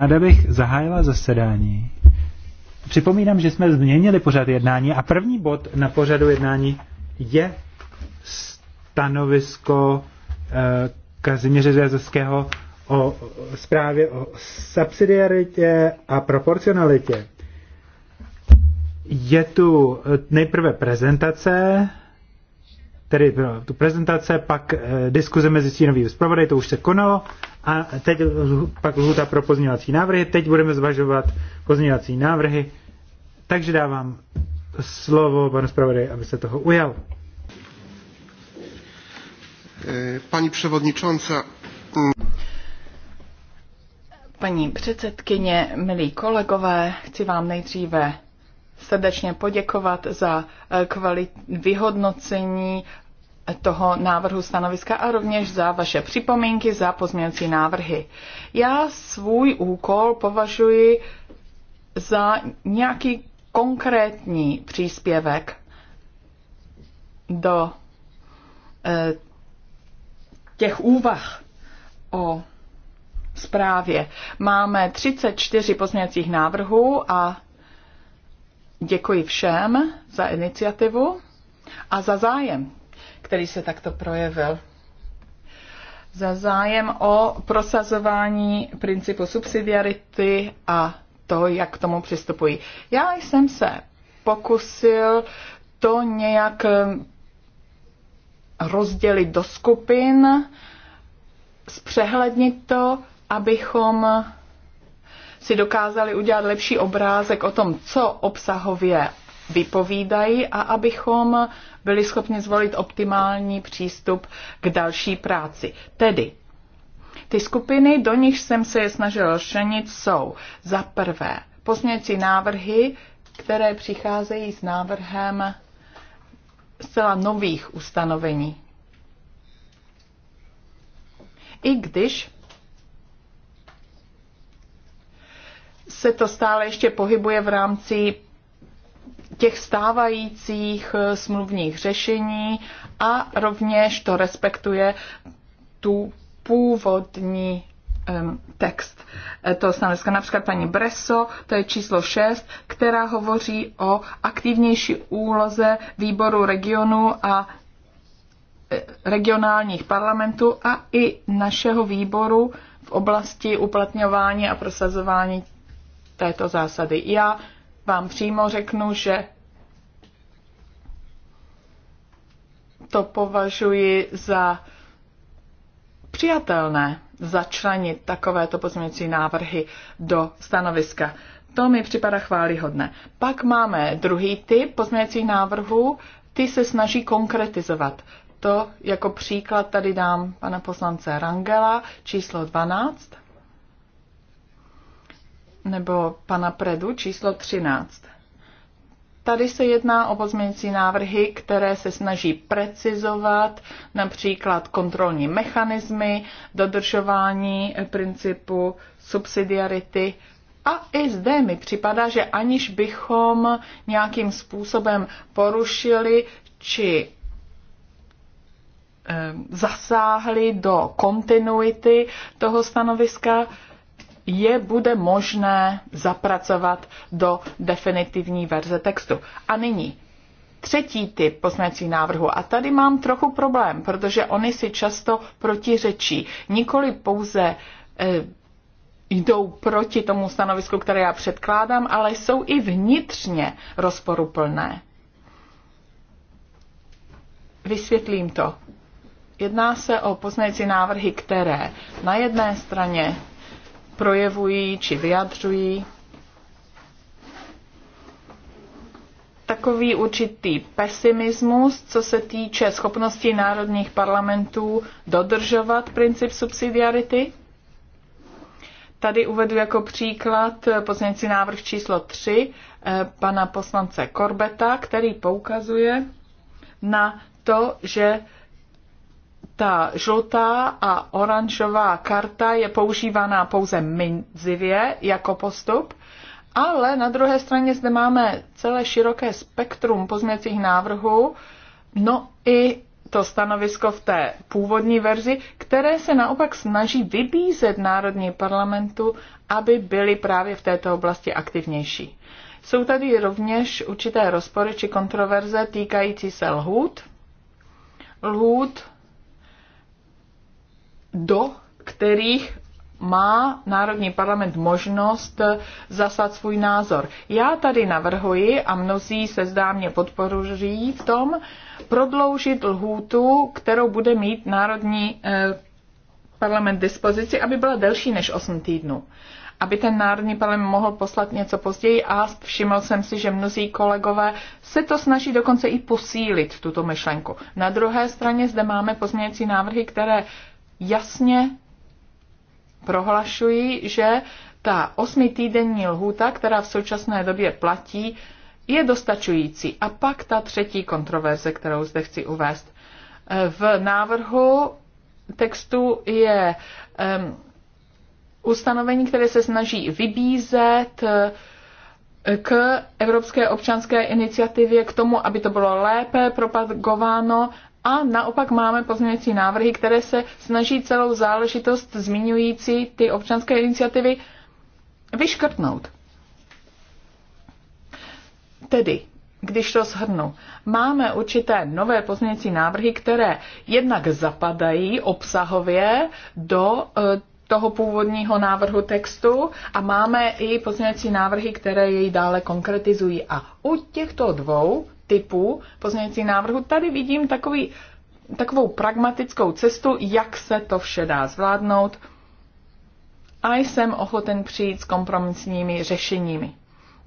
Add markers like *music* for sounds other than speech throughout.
Ráda bych zahájila zasedání. Připomínám, že jsme změnili pořad jednání a první bod na pořadu jednání je stanovisko eh, Kazimíře Zjazovského o zprávě o subsidiaritě a proporcionalitě. Je tu eh, nejprve prezentace, tedy eh, tu prezentace, pak eh, diskuze mezi stínovými zpravodaj, to už se konalo. A teď pak lhuta pro pozměňovací návrhy. Teď budeme zvažovat pozměňovací návrhy. Takže dávám slovo panu zpravodaji, aby se toho ujal. Pani przewodnicząca. Mm. Paní předsedkyně, milí kolegové, chci vám nejdříve srdečně poděkovat za eh, kvalit- vyhodnocení toho návrhu stanoviska a rovněž za vaše připomínky, za pozměňovací návrhy. Já svůj úkol považuji za nějaký konkrétní příspěvek do eh, těch úvah o zprávě. Máme 34 pozměňovacích návrhů a děkuji všem za iniciativu a za zájem který se takto projevil. Za zájem o prosazování principu subsidiarity a to, jak k tomu přistupují. Já jsem se pokusil to nějak eh, rozdělit do skupin, zpřehlednit to, abychom si dokázali udělat lepší obrázek o tom, co obsahově vypovídají a abychom byli schopni zvolit optimální přístup k další práci. Tedy ty skupiny, do nich jsem se je snažil rozšenit, jsou za prvé pozměňující návrhy, které přicházejí s návrhem zcela nových ustanovení. I když se to stále ještě pohybuje v rámci těch stávajících eh, smluvních řešení a rovněž to respektuje tu původní text eh, to stanoviska. Například paní Breso, to je číslo 6, která hovoří o aktivnější úloze výboru regionu a eh, regionálních parlamentů a i našeho výboru v oblasti uplatňování a prosazování této zásady. Já vám přímo řeknu, že to považuji za přijatelné začlenit takovéto pozměňující návrhy do stanoviska. To mi připadá chválihodné. Pak máme druhý typ pozměňujících návrhů, ty se snaží konkretizovat. To jako příklad tady dám pana poslance Rangela, číslo 12 nebo pana Predu číslo 13. Tady se jedná o pozměňující návrhy, které se snaží precizovat například kontrolní mechanismy, dodržování principu subsidiarity. A i zde mi připadá, že aniž bychom nějakým způsobem porušili či eh, zasáhli do kontinuity toho stanoviska, je bude možné zapracovat do definitivní verze textu. A nyní třetí typ poznacích návrhu. A tady mám trochu problém, protože oni si často protiřečí. Nikoli pouze e, jdou proti tomu stanovisku, které já předkládám, ale jsou i vnitřně rozporuplné. Vysvětlím to. Jedná se o poznající návrhy, které na jedné straně projevují či vyjadřují takový určitý pesimismus, co se týče schopnosti národních parlamentů dodržovat princip subsidiarity. Tady uvedu jako příklad pozměňující návrh číslo 3 eh, pana poslance Korbeta, který poukazuje na to, že ta žlutá a oranžová karta je používaná pouze minzivě jako postup, ale na druhé straně zde máme celé široké spektrum pozměcích návrhů, no i to stanovisko v té původní verzi, které se naopak snaží vybízet Národní parlamentu, aby byli právě v této oblasti aktivnější. Jsou tady rovněž určité rozpory či kontroverze týkající se lhůt. Lhůt do kterých má Národní parlament možnost eh, zasat svůj názor. Já tady navrhuji, a mnozí se zdá mě podporují v tom, prodloužit lhůtu, kterou bude mít Národní eh, parlament dispozici, aby byla delší než 8 týdnů. Aby ten Národní parlament mohl poslat něco později a všiml jsem si, že mnozí kolegové se to snaží dokonce i posílit, tuto myšlenku. Na druhé straně zde máme pozměňující návrhy, které jasně prohlašuji, že ta osmitýdenní lhůta, která v současné době platí, je dostačující. A pak ta třetí kontroverze, kterou zde chci uvést. V návrhu textu je um, ustanovení, které se snaží vybízet eh, k Evropské občanské iniciativě, k tomu, aby to bylo lépe propagováno a naopak máme pozměňující návrhy, které se snaží celou záležitost zmiňující ty občanské iniciativy vyškrtnout. Tedy, když to shrnu, máme určité nové pozměňující návrhy, které jednak zapadají obsahově do e, toho původního návrhu textu a máme i pozměňující návrhy, které jej dále konkretizují. A u těchto dvou typů pozměňujících návrhu Tady vidím takový, takovou pragmatickou cestu, jak se to vše dá zvládnout a jsem ochoten přijít s kompromisními řešeními.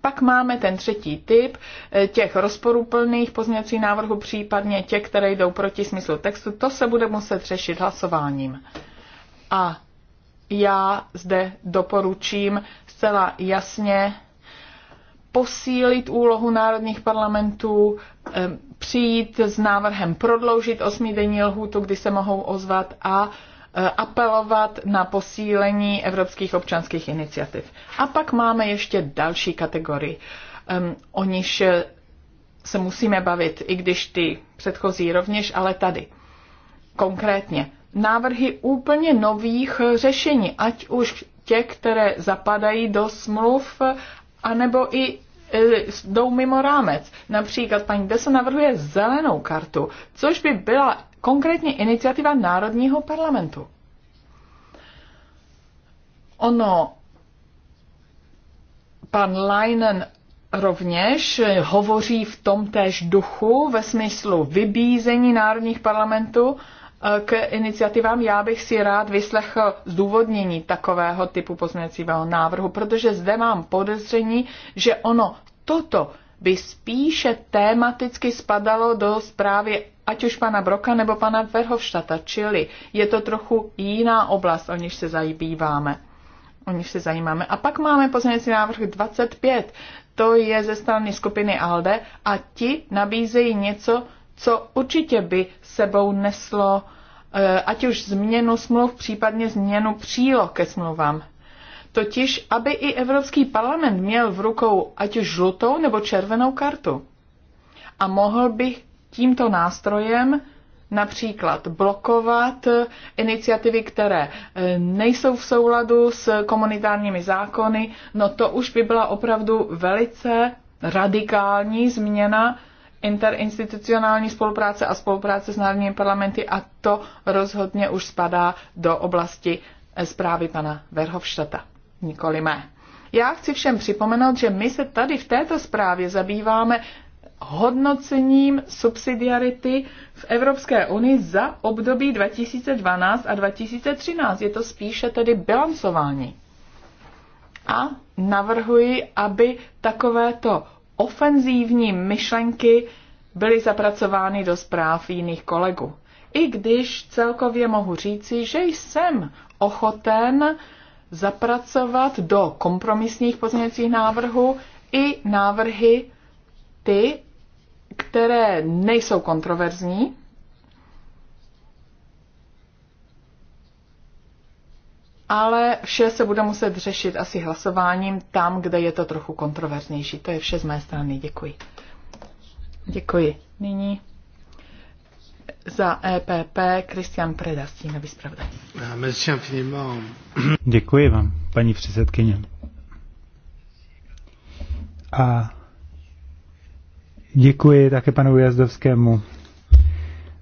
Pak máme ten třetí typ eh, těch rozporuplných pozměňovacích návrhů, případně těch, které jdou proti smyslu textu. To se bude muset řešit hlasováním. A já zde doporučím zcela jasně posílit úlohu národních parlamentů, přijít s návrhem prodloužit osmidenní lhůtu, kdy se mohou ozvat a e, apelovat na posílení evropských občanských iniciativ. A pak máme ještě další kategorii. O níž e, se musíme bavit, i když ty předchozí rovněž, ale tady. Konkrétně návrhy úplně nových řešení, ať už těch, které zapadají do smluv, anebo i E, jdou mimo rámec. Například paní Beso navrhuje zelenou kartu, což by byla konkrétně iniciativa Národního parlamentu. Ono, pan Leinen rovněž hovoří v tom též duchu ve smyslu vybízení národních parlamentů k iniciativám já bych si rád vyslechl zdůvodnění takového typu pozměňovacího návrhu, protože zde mám podezření, že ono toto by spíše tématicky spadalo do zprávy ať už pana Broka nebo pana Verhofstata, čili je to trochu jiná oblast, o níž se zajíbíváme. O níž se zajímáme. A pak máme pozměňovací návrh 25. To je ze strany skupiny ALDE a ti nabízejí něco, co určitě by sebou neslo eh, ať už změnu smluv, případně změnu přílo ke smluvám. Totiž, aby i Evropský parlament měl v rukou ať už žlutou nebo červenou kartu. A mohl bych tímto nástrojem například blokovat eh, iniciativy, které eh, nejsou v souladu s komunitárními zákony, no to už by byla opravdu velice radikální změna interinstitucionální spolupráce a spolupráce s národními parlamenty a to rozhodně už spadá do oblasti eh, zprávy pana Verhofstadta. nikoli mé. Já chci všem připomenout, že my se tady v této zprávě zabýváme hodnocením subsidiarity v Evropské unii za období 2012 a 2013. Je to spíše tedy bilancování. A navrhuji, aby takovéto ofenzívní myšlenky byly zapracovány do zpráv jiných kolegů. I když celkově mohu říci, že jsem ochoten zapracovat do kompromisních pozměňovacích návrhů i návrhy ty, které nejsou kontroverzní, ale vše se bude muset řešit asi hlasováním tam, kde je to trochu kontroverznější. To je vše z mé strany. Děkuji. Děkuji. Nyní za EPP Kristian Preda, s tím Děkuji vám, paní předsedkyně. A děkuji také panu Jazdovskému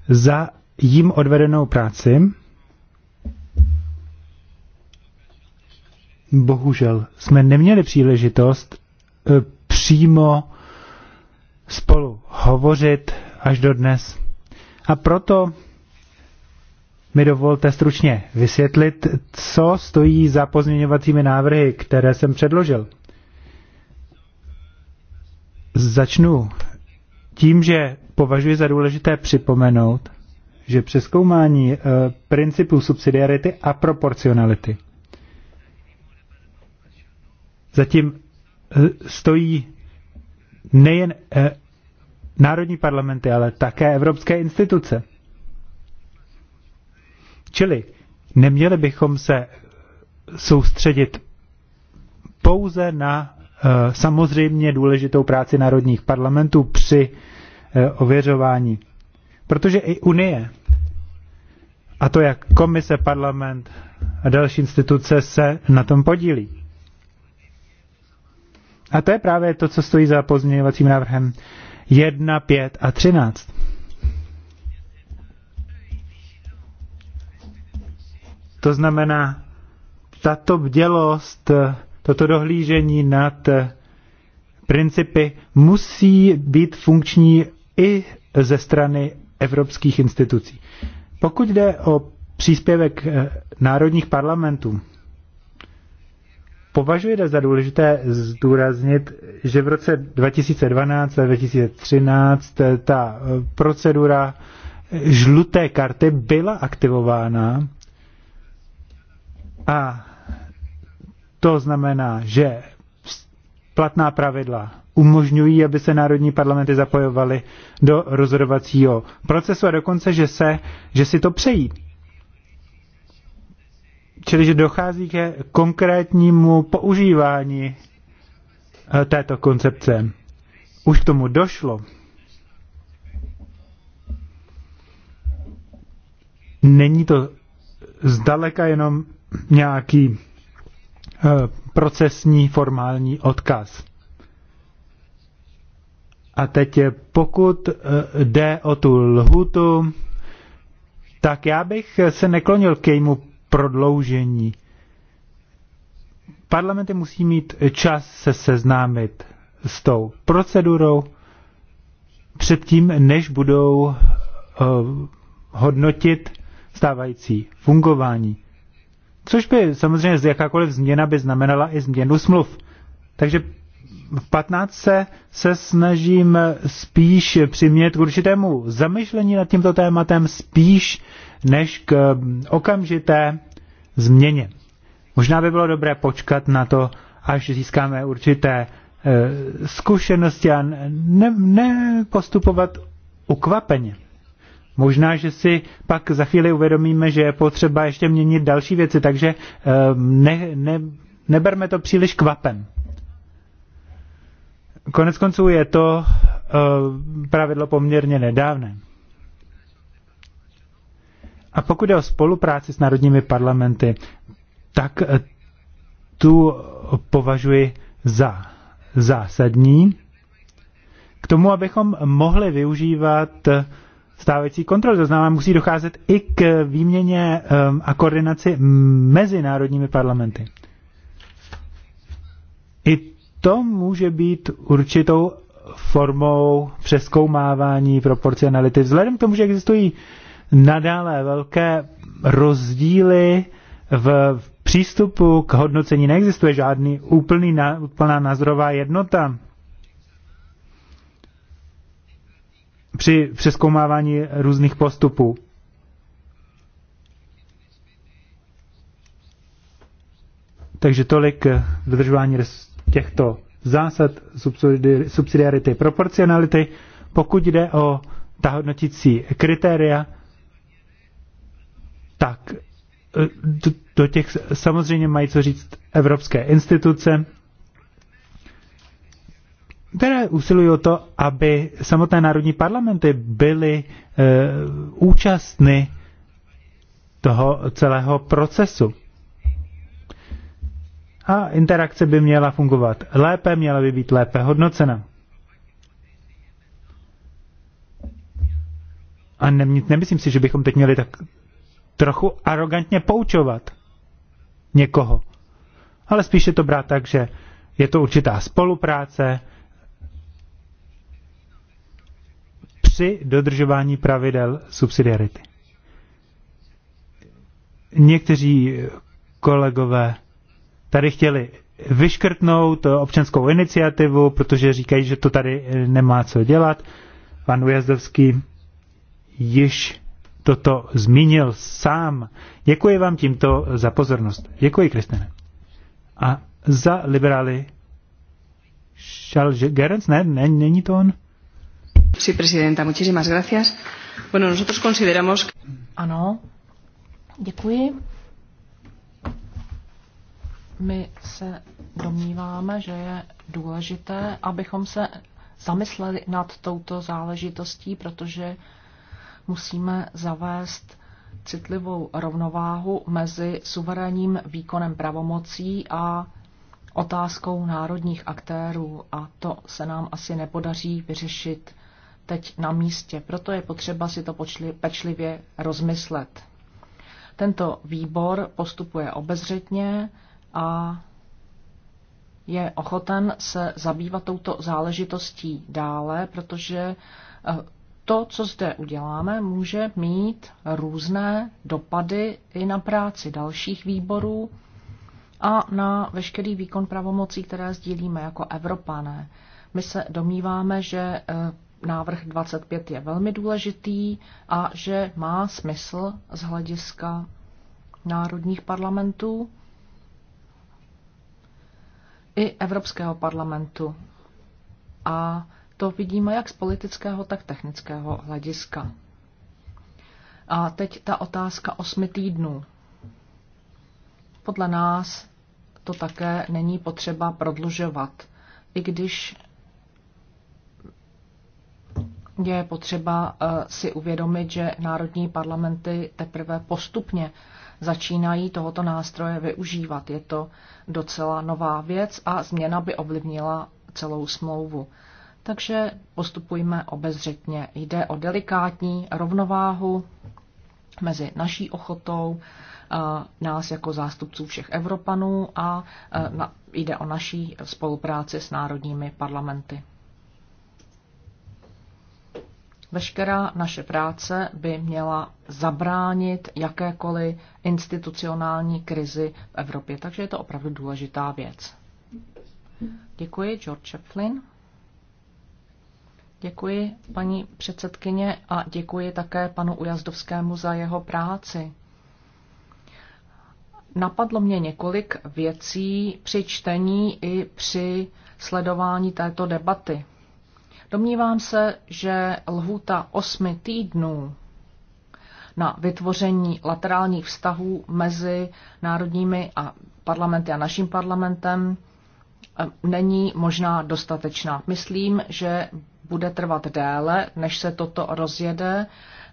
za jim odvedenou práci bohužel jsme neměli příležitost eh, přímo spolu hovořit až do dnes. A proto mi dovolte stručně vysvětlit, co stojí za pozměňovacími návrhy, které jsem předložil. Začnu tím, že považuji za důležité připomenout, že přeskoumání e, eh, principů subsidiarity a proporcionality – zatím eh, stojí nejen eh, národní parlamenty, ale také evropské instituce. Čili neměli bychom se soustředit pouze na eh, samozřejmě důležitou práci národních parlamentů při ověřování. Protože i Unie, a to jak komise, parlament a další instituce se na tom podílí. A to je právě to, co stojí za pozměňovacím návrhem 1, 5 a 13. To znamená, tato bdělost, toto dohlížení nad principy musí být funkční i ze strany evropských institucí. Pokud jde o příspěvek eh, národních parlamentů, Považujete za důležité zdůraznit, že v roce 2012 a 2013 ta eh, procedura žluté karty byla aktivována a to znamená, že platná pravidla umožňují, aby se národní parlamenty zapojovaly do rozhodovacího procesu a dokonce, že, se, že si to přejí čili že dochází ke konkrétnímu používání eh, této koncepce. Už k tomu došlo. Není to zdaleka jenom nějaký eh, procesní formální odkaz. A teď pokud eh, jde o tu lhutu, tak já bych se neklonil k jejímu prodloužení. Parlamenty musí mít čas se seznámit s tou procedurou předtím, než budou uh, hodnotit stávající fungování. Což by samozřejmě z jakákoliv změna by znamenala i změnu smluv. Takže v 15. se snažím spíš přimět k určitému zamyšlení nad tímto tématem, spíš než k mm, okamžité změně. Možná by bylo dobré počkat na to, až získáme určité e, zkušenosti a nepostupovat ne ukvapeně. Možná, že si pak za chvíli uvědomíme, že je potřeba ještě měnit další věci, takže e, ne, ne, neberme to příliš kvapem. Konec konců je to e, pravidlo poměrně nedávné. A pokud je o spolupráci s národními parlamenty, tak eh, tu považuji za zásadní k tomu, abychom mohli využívat eh, stávající kontrol. To znamená, musí docházet i k výměně eh, a koordinaci mezi národními parlamenty. I to může být určitou formou přeskoumávání proporcionality. Vzhledem k tomu, že existují nadále velké rozdíly v přístupu k hodnocení. Neexistuje žádný úplný, úplná názorová jednota. při přeskoumávání různých postupů. Takže tolik dodržování těchto zásad subsidiarity proporcionality. Pokud jde o ta hodnotící kritéria, tak e, do těch samozřejmě mají co říct evropské instituce, které usilují o to, aby samotné národní parlamenty byly e, účastny toho celého procesu. A interakce by měla fungovat lépe, měla by být lépe hodnocena. A nemyslím si, že bychom teď měli tak trochu arrogantně poučovat někoho. Ale spíše to brát tak, že je to určitá spolupráce při dodržování pravidel subsidiarity. Někteří kolegové tady chtěli vyškrtnout občanskou iniciativu, protože říkají, že to tady nemá co dělat. Pan Ujazdovský již toto zmínil sám. Děkuji vám tímto za pozornost. Děkuji, Kristine. A za liberály Charles Gerens? Ne, ne, není to on? Sí, presidenta, muchísimas gracias. Bueno, nosotros consideramos... Ano, děkuji. My se domníváme, že je důležité, abychom se zamysleli nad touto záležitostí, protože musíme zavést citlivou rovnováhu mezi suverénním výkonem pravomocí a otázkou národních aktérů a to se nám asi nepodaří vyřešit teď na místě. Proto je potřeba si to počli, pečlivě rozmyslet. Tento výbor postupuje obezřetně a je ochoten se zabývat touto záležitostí dále, protože eh, to, co zde uděláme, může mít různé dopady i na práci dalších výborů a na veškerý výkon pravomocí, které sdílíme jako Evropané. My se domníváme, že eh, návrh 25 je velmi důležitý a že má smysl z hlediska národních parlamentů i Evropského parlamentu. A to vidíme jak z politického, tak technického hlediska. A teď ta otázka osmi týdnů. Podle nás to také není potřeba prodlužovat, i když je potřeba eh, si uvědomit, že národní parlamenty teprve postupně začínají tohoto nástroje využívat. Je to docela nová věc a změna by ovlivnila celou smlouvu. Takže postupujme obezřetně. Jde o delikátní rovnováhu mezi naší ochotou eh, nás jako zástupců všech Evropanů a eh, jde o naší spolupráci s národními parlamenty. Veškerá naše práce by měla zabránit jakékoliv institucionální krizi v Evropě, takže je to opravdu důležitá věc. Děkuji, George Chaplin. Děkuji paní předsedkyně a děkuji také panu Ujazdovskému za jeho práci. Napadlo mě několik věcí při čtení i při sledování této debaty. Domnívám se, že lhůta osmi týdnů na vytvoření laterálních vztahů mezi národními a parlamenty a naším parlamentem eh, není možná dostatečná. Myslím, že bude trvat déle, než se toto rozjede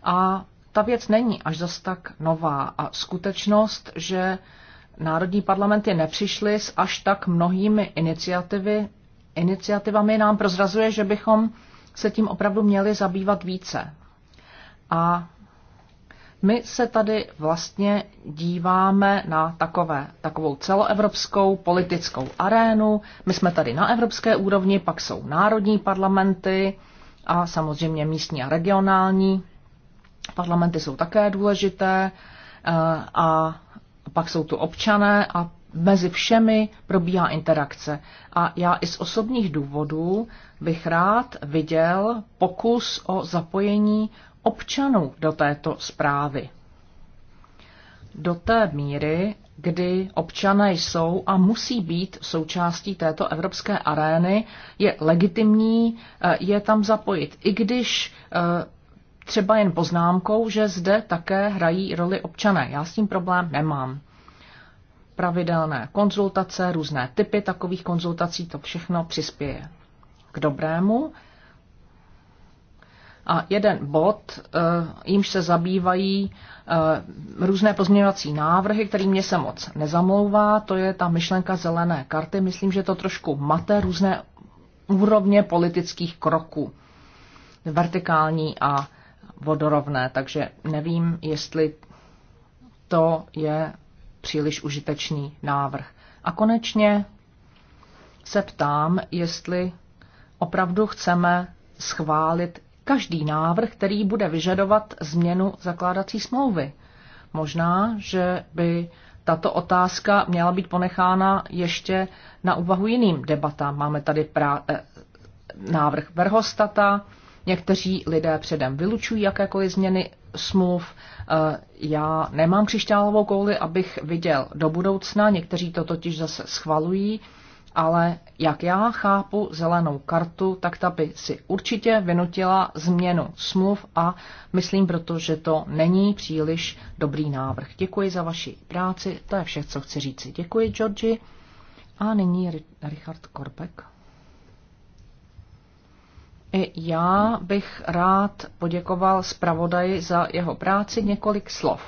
a ta věc není až zas tak nová a skutečnost, že národní parlamenty nepřišly s až tak mnohými iniciativy, iniciativami, nám prozrazuje, že bychom se tím opravdu měli zabývat více. A my se tady vlastně díváme na takové, takovou celoevropskou politickou arénu. My jsme tady na evropské úrovni, pak jsou národní parlamenty a samozřejmě místní a regionální. Parlamenty jsou také důležité eh, a pak jsou tu občané a mezi všemi probíhá interakce. A já i z osobních důvodů bych rád viděl pokus o zapojení občanů do této zprávy. Do té míry, kdy občané jsou a musí být součástí této evropské arény, je legitimní eh, je tam zapojit. I když eh, třeba jen poznámkou, že zde také hrají roli občané. Já s tím problém nemám pravidelné konzultace, různé typy takových konzultací, to všechno přispěje k dobrému. A jeden bod, eh, jímž se zabývají eh, různé pozměňovací návrhy, který mě se moc nezamlouvá, to je ta myšlenka zelené karty. Myslím, že to trošku mate různé úrovně politických kroků, vertikální a vodorovné, takže nevím, jestli to je příliš užitečný návrh. A konečně se ptám, jestli opravdu chceme schválit každý návrh, který bude vyžadovat změnu zakládací smlouvy. Možná, že by tato otázka měla být ponechána ještě na úvahu jiným debatám. Máme tady pra, eh, návrh Verhostata, někteří lidé předem vylučují jakékoliv změny smluv. Eh, já nemám křišťálovou kouli, abych viděl do budoucna, někteří to totiž zase schvalují, ale jak já chápu zelenou kartu, tak ta by si určitě vynutila změnu smluv a myslím proto, že to není příliš dobrý návrh. Děkuji za vaši práci, to je vše, co chci říci. Děkuji, Georgi. A nyní Richard Korbek. I já bych rád poděkoval zpravodaji za jeho práci několik slov.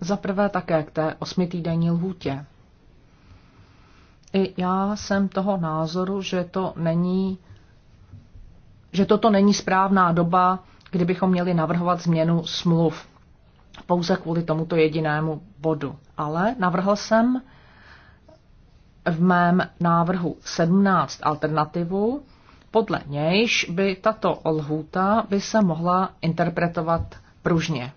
Za prvé také k té osmitýdenní lhůtě. I já jsem toho názoru, že to není, že toto není správná doba, kdybychom měli navrhovat změnu smluv pouze kvůli tomuto jedinému bodu. Ale navrhl jsem v mém návrhu 17 alternativu, podle nějž by tato lhůta by se mohla interpretovat pružně.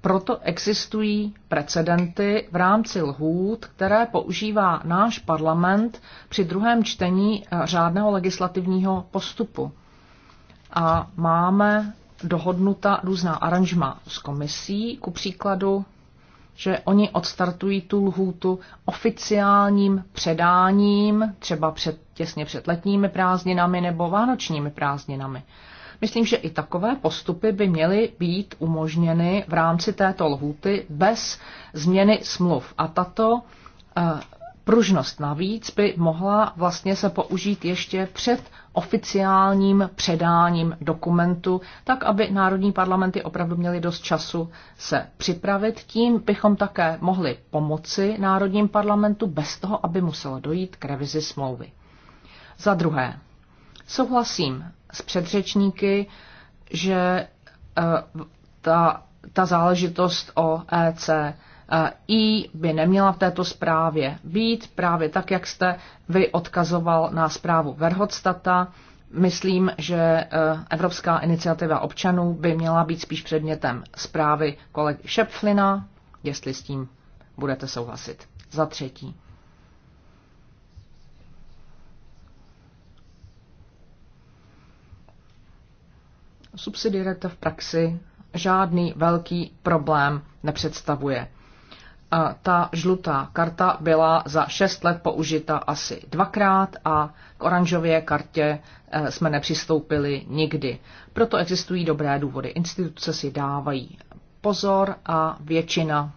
Proto existují precedenty v rámci lhůt, které používá náš parlament při druhém čtení eh, řádného legislativního postupu. A máme dohodnuta různá aranžma s komisí, ku příkladu že oni odstartují tu lhůtu oficiálním předáním, třeba před, těsně před letními prázdninami nebo vánočními prázdninami. Myslím, že i takové postupy by měly být umožněny v rámci této lhůty bez změny smluv. A tato eh, Pružnost navíc by mohla vlastně se použít ještě před oficiálním předáním dokumentu, tak aby národní parlamenty opravdu měly dost času se připravit. Tím bychom také mohli pomoci národním parlamentu bez toho, aby muselo dojít k revizi smlouvy. Za druhé, souhlasím s předřečníky, že eh, ta, ta záležitost o EC i e by neměla v této zprávě být, právě tak, jak jste vy odkazoval na zprávu Verhodstata. Myslím, že e, Evropská iniciativa občanů by měla být spíš předmětem zprávy kolegy Šepflina, jestli s tím budete souhlasit. Za třetí. Subsidiarita v praxi žádný velký problém nepředstavuje ta žlutá karta byla za šest let použita asi dvakrát a k oranžové kartě eh, jsme nepřistoupili nikdy. Proto existují dobré důvody. Instituce si dávají pozor a většina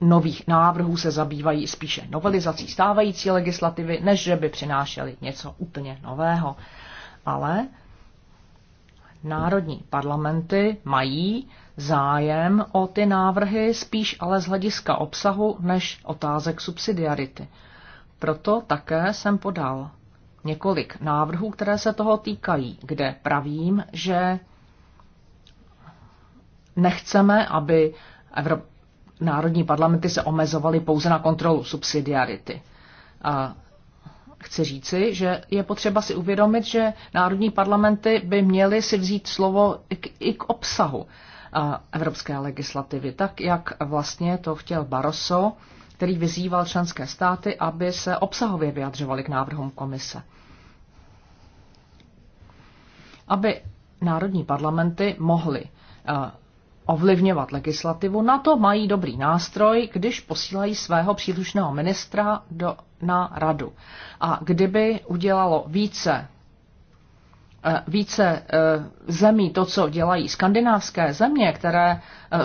nových návrhů se zabývají spíše novelizací stávající legislativy, než že by přinášely něco úplně nového. Ale národní parlamenty mají zájem o ty návrhy, spíš ale z hlediska obsahu než otázek subsidiarity. Proto také jsem podal několik návrhů, které se toho týkají, kde pravím, že nechceme, aby Evrop... národní parlamenty se omezovaly pouze na kontrolu subsidiarity. A chci říci, že je potřeba si uvědomit, že národní parlamenty by měly si vzít slovo i k, i k obsahu evropské legislativy, tak jak vlastně to chtěl Barroso, který vyzýval členské státy, aby se obsahově vyjadřovali k návrhům komise. Aby národní parlamenty mohly eh, ovlivňovat legislativu, na to mají dobrý nástroj, když posílají svého příslušného ministra do, na radu. A kdyby udělalo více Eh, více eh, zemí to, co dělají skandinávské země, které eh,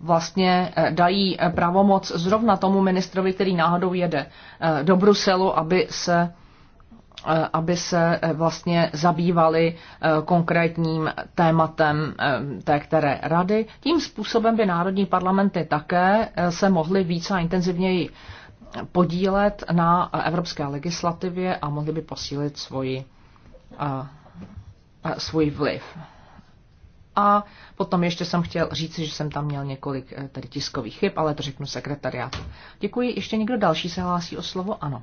vlastně dají pravomoc zrovna tomu ministrovi, který náhodou jede do Bruselu, aby se aby se vlastně zabývali konkrétním tématem té které rady. Tím způsobem by národní parlamenty také se mohly více a intenzivněji podílet na evropské legislativě a mohli by posílit svoji svůj vliv. A potom ještě jsem chtěl říct, že jsem tam měl několik eh, tady tiskových chyb, ale to řeknu sekretariátu. Děkuji. Ještě někdo další se hlásí o slovo? Ano.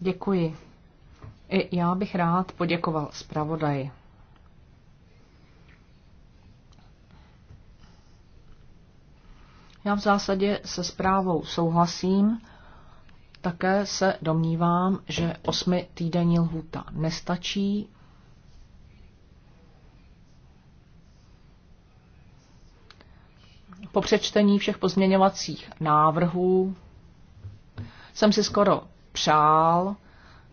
Děkuji. I já bych rád poděkoval zpravodaji. Já v zásadě se zprávou souhlasím také se domnívám, že osmi týdenní lhůta nestačí. Po přečtení všech pozměňovacích návrhů jsem si skoro přál,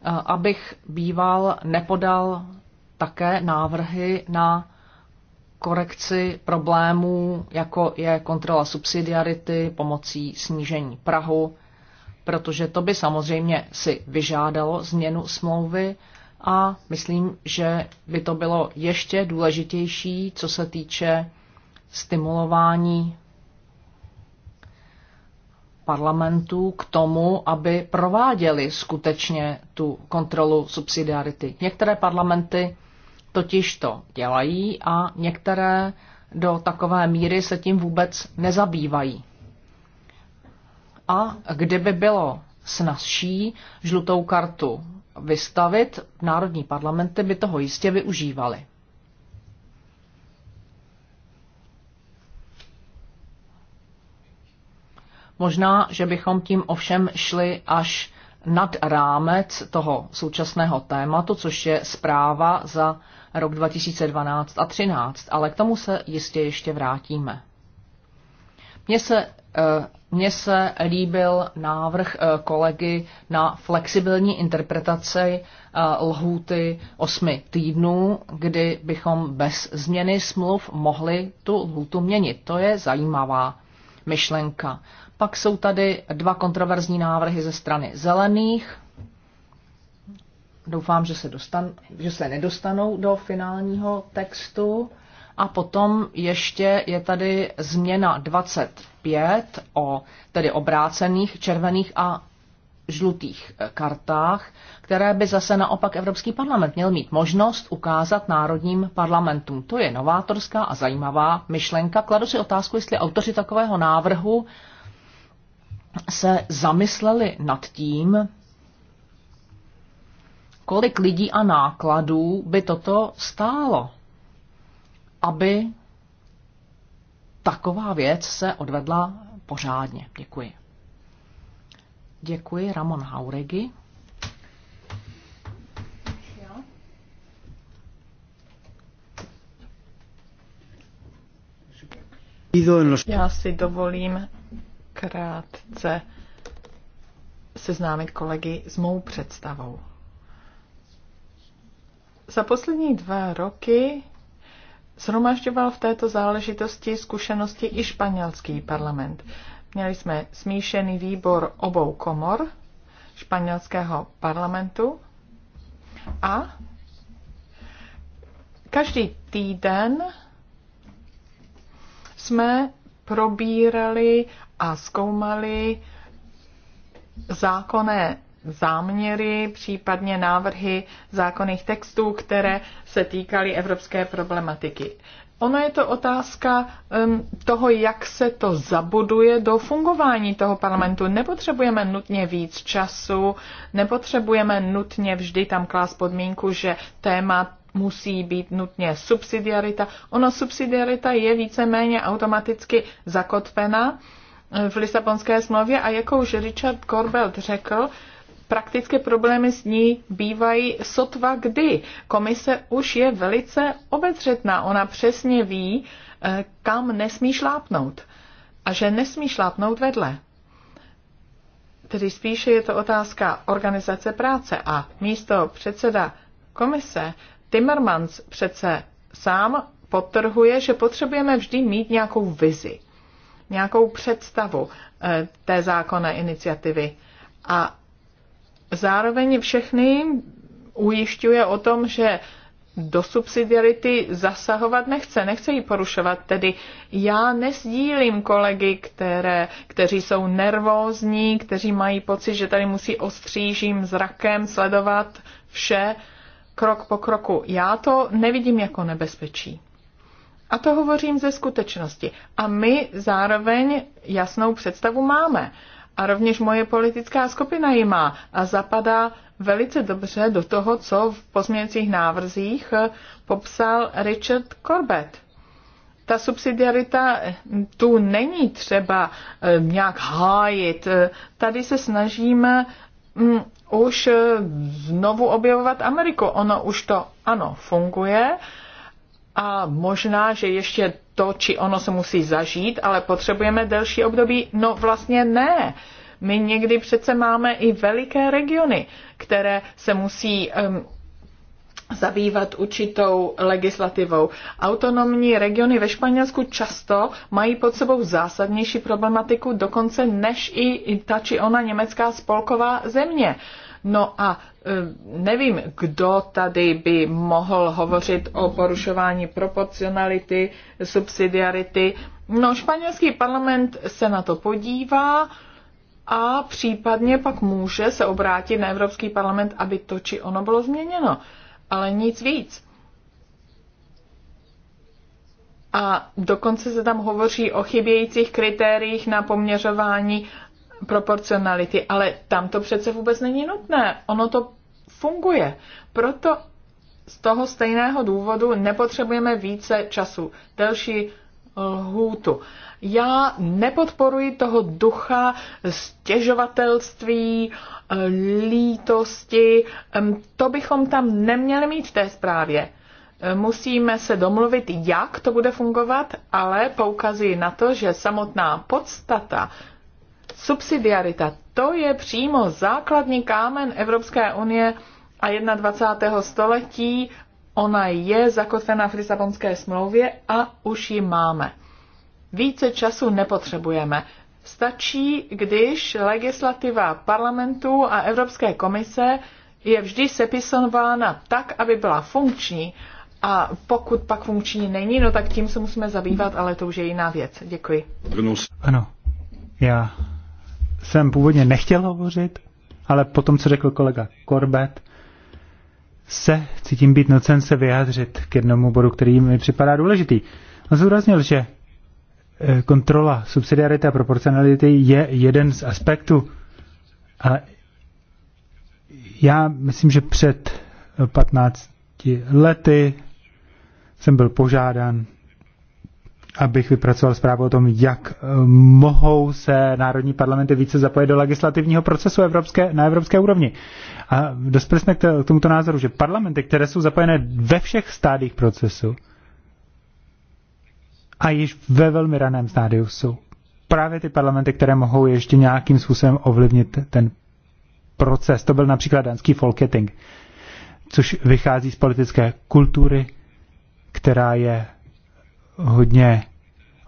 eh, abych býval nepodal také návrhy na korekci problémů, jako je kontrola subsidiarity pomocí snížení Prahu protože to by samozřejmě si vyžádalo změnu smlouvy a myslím, že by to bylo ještě důležitější, co se týče stimulování parlamentů k tomu, aby prováděli skutečně tu kontrolu subsidiarity. Některé parlamenty totiž to dělají a některé do takové míry se tím vůbec nezabývají a kde by bylo snazší žlutou kartu vystavit, národní parlamenty by toho jistě využívaly. Možná, že bychom tím ovšem šli až nad rámec toho současného tématu, což je zpráva za rok 2012 a 2013, ale k tomu se jistě ještě vrátíme. Mně se Eh, mně se líbil návrh eh, kolegy na flexibilní interpretaci eh, lhůty osmi týdnů, kdy bychom bez změny smluv mohli tu lhůtu měnit. To je zajímavá myšlenka. Pak jsou tady dva kontroverzní návrhy ze strany zelených. Doufám, že se, dostan, že se nedostanou do finálního textu. A potom ještě je tady změna 25 o tedy obrácených červených a žlutých eh, kartách, které by zase naopak Evropský parlament měl mít možnost ukázat národním parlamentům. To je novátorská a zajímavá myšlenka. Kladu si otázku, jestli autoři takového návrhu se zamysleli nad tím, kolik lidí a nákladů by toto stálo aby taková věc se odvedla pořádně. Děkuji. Děkuji Ramon Hauregi. Já si dovolím krátce seznámit kolegy s mou představou. Za poslední dva roky Shromažďoval v této záležitosti zkušenosti i španělský parlament. Měli jsme smíšený výbor obou komor španělského parlamentu a každý týden jsme probírali a zkoumali zákonné záměry, případně návrhy zákonných textů, které se týkaly evropské problematiky. Ono je to otázka um, toho, jak se to zabuduje do fungování toho parlamentu. Nepotřebujeme nutně víc času, nepotřebujeme nutně vždy tam klást podmínku, že téma musí být nutně subsidiarita. Ono subsidiarita je víceméně automaticky zakotvena v Lisabonské smlouvě a jako už Richard Corbett řekl, uh, praktické problémy s ní bývají sotva kdy. Komise už je velice obezřetná, ona přesně ví, eh, kam nesmí šlápnout a že nesmí šlápnout vedle. Tedy spíše je to otázka organizace práce a místo předseda komise Timmermans přece sám podtrhuje, že potřebujeme vždy mít nějakou vizi, nějakou představu eh, té zákonné iniciativy. A zároveň všechny ujišťuje o tom, že do subsidiarity zasahovat nechce, nechce ji porušovat. Tedy já nesdílím kolegy, které, kteří jsou nervózní, kteří mají pocit, že tady musí ostřížím zrakem sledovat vše krok po kroku. Já to nevidím jako nebezpečí. A to hovořím ze skutečnosti. A my zároveň jasnou představu máme a rovněž moje politická skupina ji má a zapadá velice dobře do toho, co v pozměňujících návrzích popsal Richard Corbett. Ta subsidiarita eh, tu není třeba eh, nějak hájit. Tady se snažíme mm, už eh, znovu objevovat Ameriku. Ono už to, ano, funguje, a možná, že ještě to či ono se musí zažít, ale potřebujeme delší období? No vlastně ne. My někdy přece máme i veliké regiony, které se musí um, zabývat určitou legislativou. Autonomní regiony ve Španělsku často mají pod sebou zásadnější problematiku dokonce než i ta či ona německá spolková země. No a e, nevím, kdo tady by mohl hovořit o porušování proporcionality, subsidiarity. No, španělský parlament se na to podívá a případně pak může se obrátit na Evropský parlament, aby to či ono bylo změněno ale nic víc. A dokonce se tam hovoří o chybějících kritériích na poměřování proporcionality, ale tam to přece vůbec není nutné. Ono to funguje. Proto z toho stejného důvodu nepotřebujeme více času. Delší lhůtu. Já nepodporuji toho ducha stěžovatelství, lítosti. To bychom tam neměli mít v té zprávě. Musíme se domluvit, jak to bude fungovat, ale poukazuji na to, že samotná podstata, subsidiarita, to je přímo základní kámen Evropské unie a 21. století Ona je zakotvena v Lisabonské smlouvě a už ji máme. Více času nepotřebujeme. Stačí, když legislativa parlamentu a Evropské komise je vždy sepisována tak, aby byla funkční a pokud pak funkční není, no tak tím se musíme zabývat, ale to už je jiná věc. Děkuji. Ano, já jsem původně nechtěl hovořit, ale potom, co řekl kolega Korbet, se cítím být nocen se vyjádřit k jednomu bodu, který mi připadá důležitý. On zúraznil, že eh, kontrola subsidiarity a proporcionality je jeden z aspektů, A já myslím, že před 15 lety jsem byl požádán abych vypracoval zprávu o tom, jak eh, mohou se národní parlamenty více zapojit do legislativního procesu evropské, na evropské úrovni. A dospěli jsme k tomuto názoru, že parlamenty, které jsou zapojené ve všech stádích procesu a již ve velmi raném stádiu jsou právě ty parlamenty, které mohou ještě nějakým způsobem ovlivnit ten proces. To byl například dánský folketing, což vychází z politické kultury, která je hodně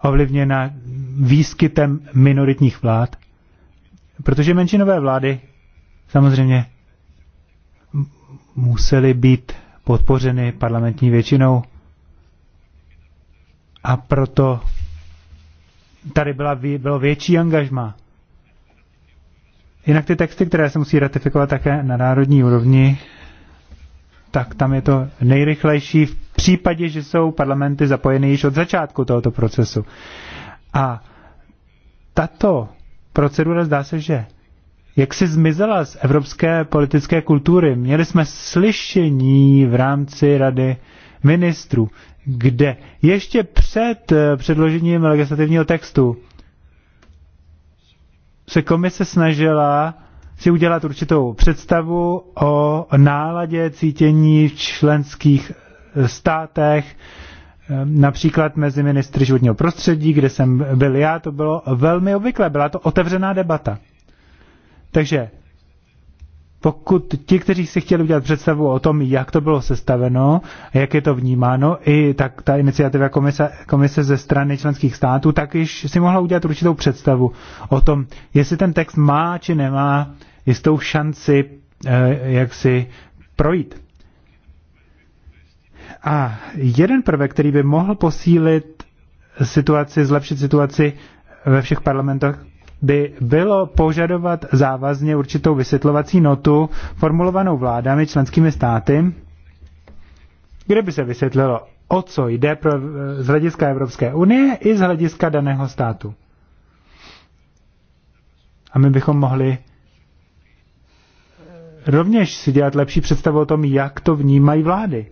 ovlivněna výskytem minoritních vlád, protože menšinové vlády samozřejmě musely být podpořeny parlamentní většinou a proto tady byla, bylo větší angažma. Jinak ty texty, které se musí ratifikovat také na národní úrovni, tak tam je to nejrychlejší v případě, že jsou parlamenty zapojeny již od začátku tohoto procesu. A tato procedura zdá se, že jak si zmizela z evropské politické kultury. Měli jsme slyšení v rámci rady ministrů, kde ještě před eh, předložením legislativního textu se komise snažila si udělat určitou představu o náladě cítění členských státech, eh, například mezi ministry životního prostředí, kde jsem byl já, to bylo velmi obvyklé, byla to otevřená debata. Takže pokud ti, kteří si chtěli udělat představu o tom, jak to bylo sestaveno, jak je to vnímáno, i tak ta iniciativa komise, komise ze strany členských států, tak již si mohla udělat určitou představu o tom, jestli ten text má či nemá jistou šanci, eh, jak si projít. A jeden prvek, který by mohl posílit situaci, zlepšit situaci ve všech parlamentech, by bylo požadovat závazně určitou vysvětlovací notu formulovanou vládami členskými státy, kde by se vysvětlilo, o co jde pro, z hlediska Evropské unie i z hlediska daného státu. A my bychom mohli rovněž si dělat lepší představu o tom, jak to vnímají vlády.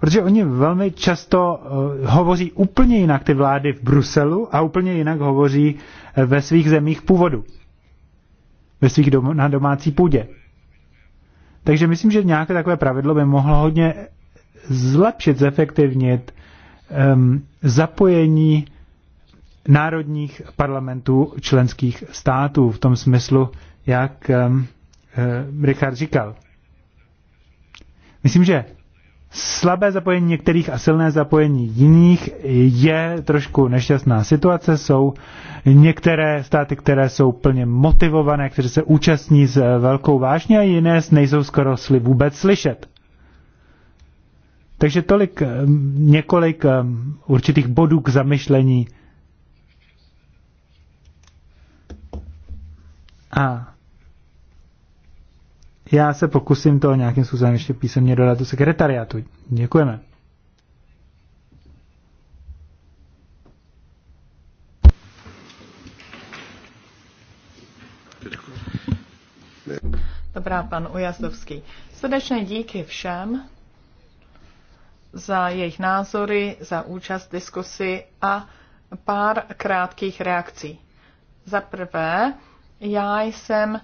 Protože oni velmi často eh, hovoří úplně jinak ty vlády v Bruselu a úplně jinak hovoří eh, ve svých zemích původu. Ve svých dom- na domácí půdě. Takže myslím, že nějaké takové pravidlo by mohlo hodně zlepšit, zefektivnit um, zapojení národních parlamentů členských států v tom smyslu, jak um, uh, Richard říkal. Myslím, že slabé zapojení některých a silné zapojení jiných je trošku nešťastná situace. Jsou některé státy, které jsou plně motivované, které se účastní s eh, velkou vážně a jiné nejsou skoro sly vůbec slyšet. Takže tolik eh, několik eh, určitých bodů k zamyšlení. A já se pokusím to nějakým způsobem ještě písemně dodat do sekretariátu. Děkujeme. Dobrá, pan Ujazdovský. Srdečné díky všem za jejich názory, za účast v diskusi a pár krátkých reakcí. Za prvé, já jsem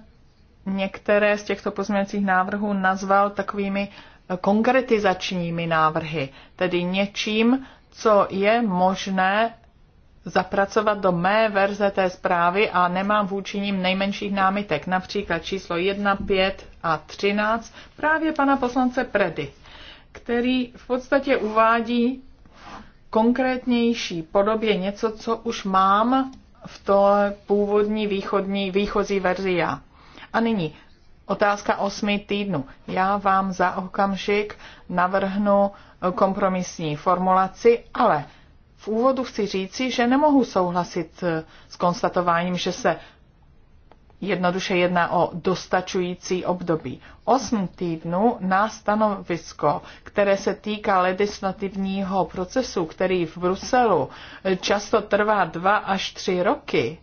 některé z těchto pozměňovacích návrhů nazval takovými konkretizačními návrhy, tedy něčím, co je možné zapracovat do mé verze té zprávy a nemám vůči ním nejmenších námitek, například číslo 1, 5 a 13 právě pana poslance Predy, který v podstatě uvádí konkrétnější podobě něco, co už mám v té původní východní, výchozí verzi já. A nyní otázka osmi týdnů. Já vám za okamžik navrhnu kompromisní formulaci, ale v úvodu chci říci, že nemohu souhlasit eh, s konstatováním, že se jednoduše jedná o dostačující období. Osm týdnů na stanovisko, které se týká legislativního procesu, který v Bruselu eh, často trvá dva až tři roky.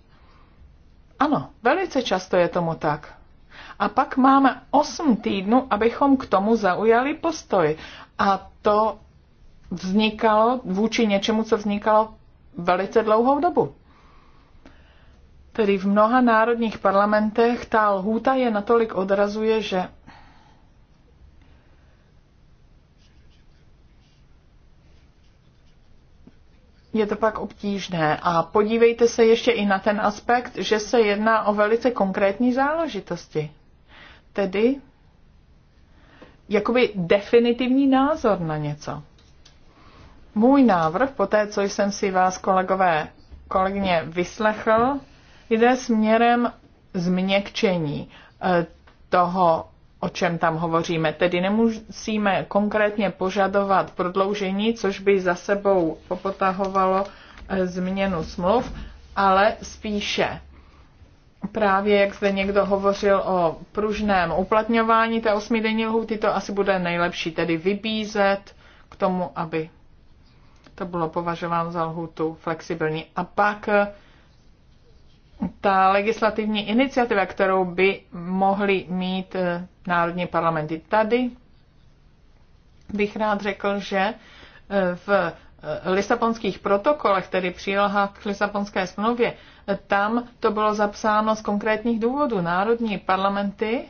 Ano, velice často je tomu tak. A pak máme 8 týdnů, abychom k tomu zaujali postoj. A to vznikalo vůči něčemu, co vznikalo velice dlouhou dobu. Tedy v mnoha národních parlamentech ta lhůta je natolik odrazuje, že je to pak obtížné. A podívejte se ještě i na ten aspekt, že se jedná o velice konkrétní záležitosti. Tedy jakoby definitivní názor na něco. Můj návrh, po té, co jsem si vás, kolegové, kolegyně, vyslechl, jde směrem změkčení eh, toho o čem tam hovoříme. Tedy nemusíme konkrétně požadovat prodloužení, což by za sebou popotahovalo eh, změnu smluv, ale spíše právě, jak zde někdo hovořil o pružném uplatňování té osmidenní lhůty, to asi bude nejlepší, tedy vybízet k tomu, aby to bylo považováno za lhůtu flexibilní. A pak eh, ta legislativní iniciativa, kterou by mohly mít eh, národní parlamenty tady, bych rád řekl, že eh, v eh, lisabonských protokolech, tedy příloha k lisabonské smlouvě, tam to bylo zapsáno z konkrétních důvodů. Národní parlamenty,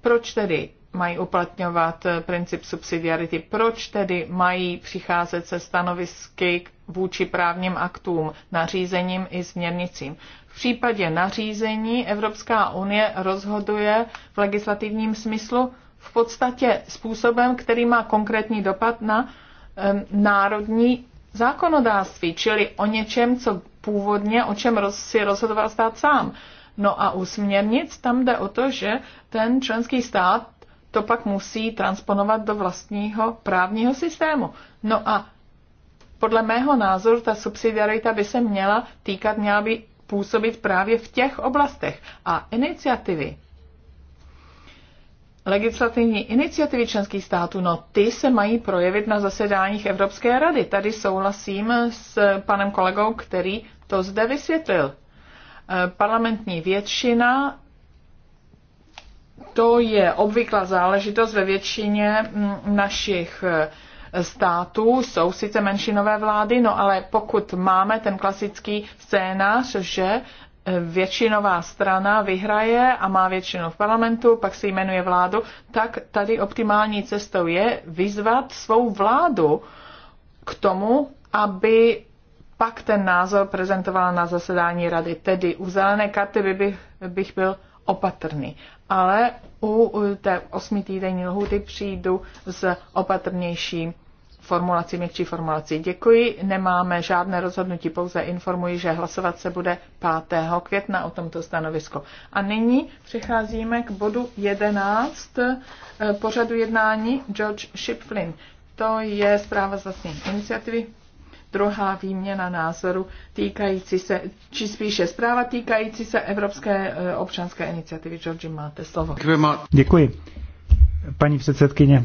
proč tedy mají uplatňovat princip subsidiarity, proč tedy mají přicházet se stanovisky, vůči právním aktům, nařízením i směrnicím. V případě nařízení Evropská unie rozhoduje v legislativním smyslu v podstatě způsobem, který má konkrétní dopad na um, národní zákonodárství, čili o něčem, co původně, o čem roz, si rozhodoval stát sám. No a u směrnic tam jde o to, že ten členský stát to pak musí transponovat do vlastního právního systému. No a podle mého názoru ta subsidiarita by se měla týkat, měla by působit právě v těch oblastech. A iniciativy, legislativní iniciativy členských států, no ty se mají projevit na zasedáních Evropské rady. Tady souhlasím s panem kolegou, který to zde vysvětlil. Eh, parlamentní většina to je obvyklá záležitost ve většině mm, našich eh, států jsou sice menšinové vlády, no ale pokud máme ten klasický scénář, že eh, většinová strana vyhraje a má většinu v parlamentu, pak se jmenuje vládu, tak tady optimální cestou je vyzvat svou vládu k tomu, aby pak ten názor prezentovala na zasedání rady. Tedy u zelené karty by bych, bych byl opatrný. Ale u té týdenní lhuty přijdu s opatrnějším formulaci, měkčí formulaci. Děkuji, nemáme žádné rozhodnutí, pouze informuji, že hlasovat se bude 5. května o tomto stanovisku. A nyní přicházíme k bodu 11 eh, pořadu jednání George Shipflin. To je zpráva z vlastní iniciativy druhá výměna názoru týkající se, či spíše zpráva týkající se Evropské eh, občanské iniciativy. George, máte slovo. Děkuji. Paní předsedkyně,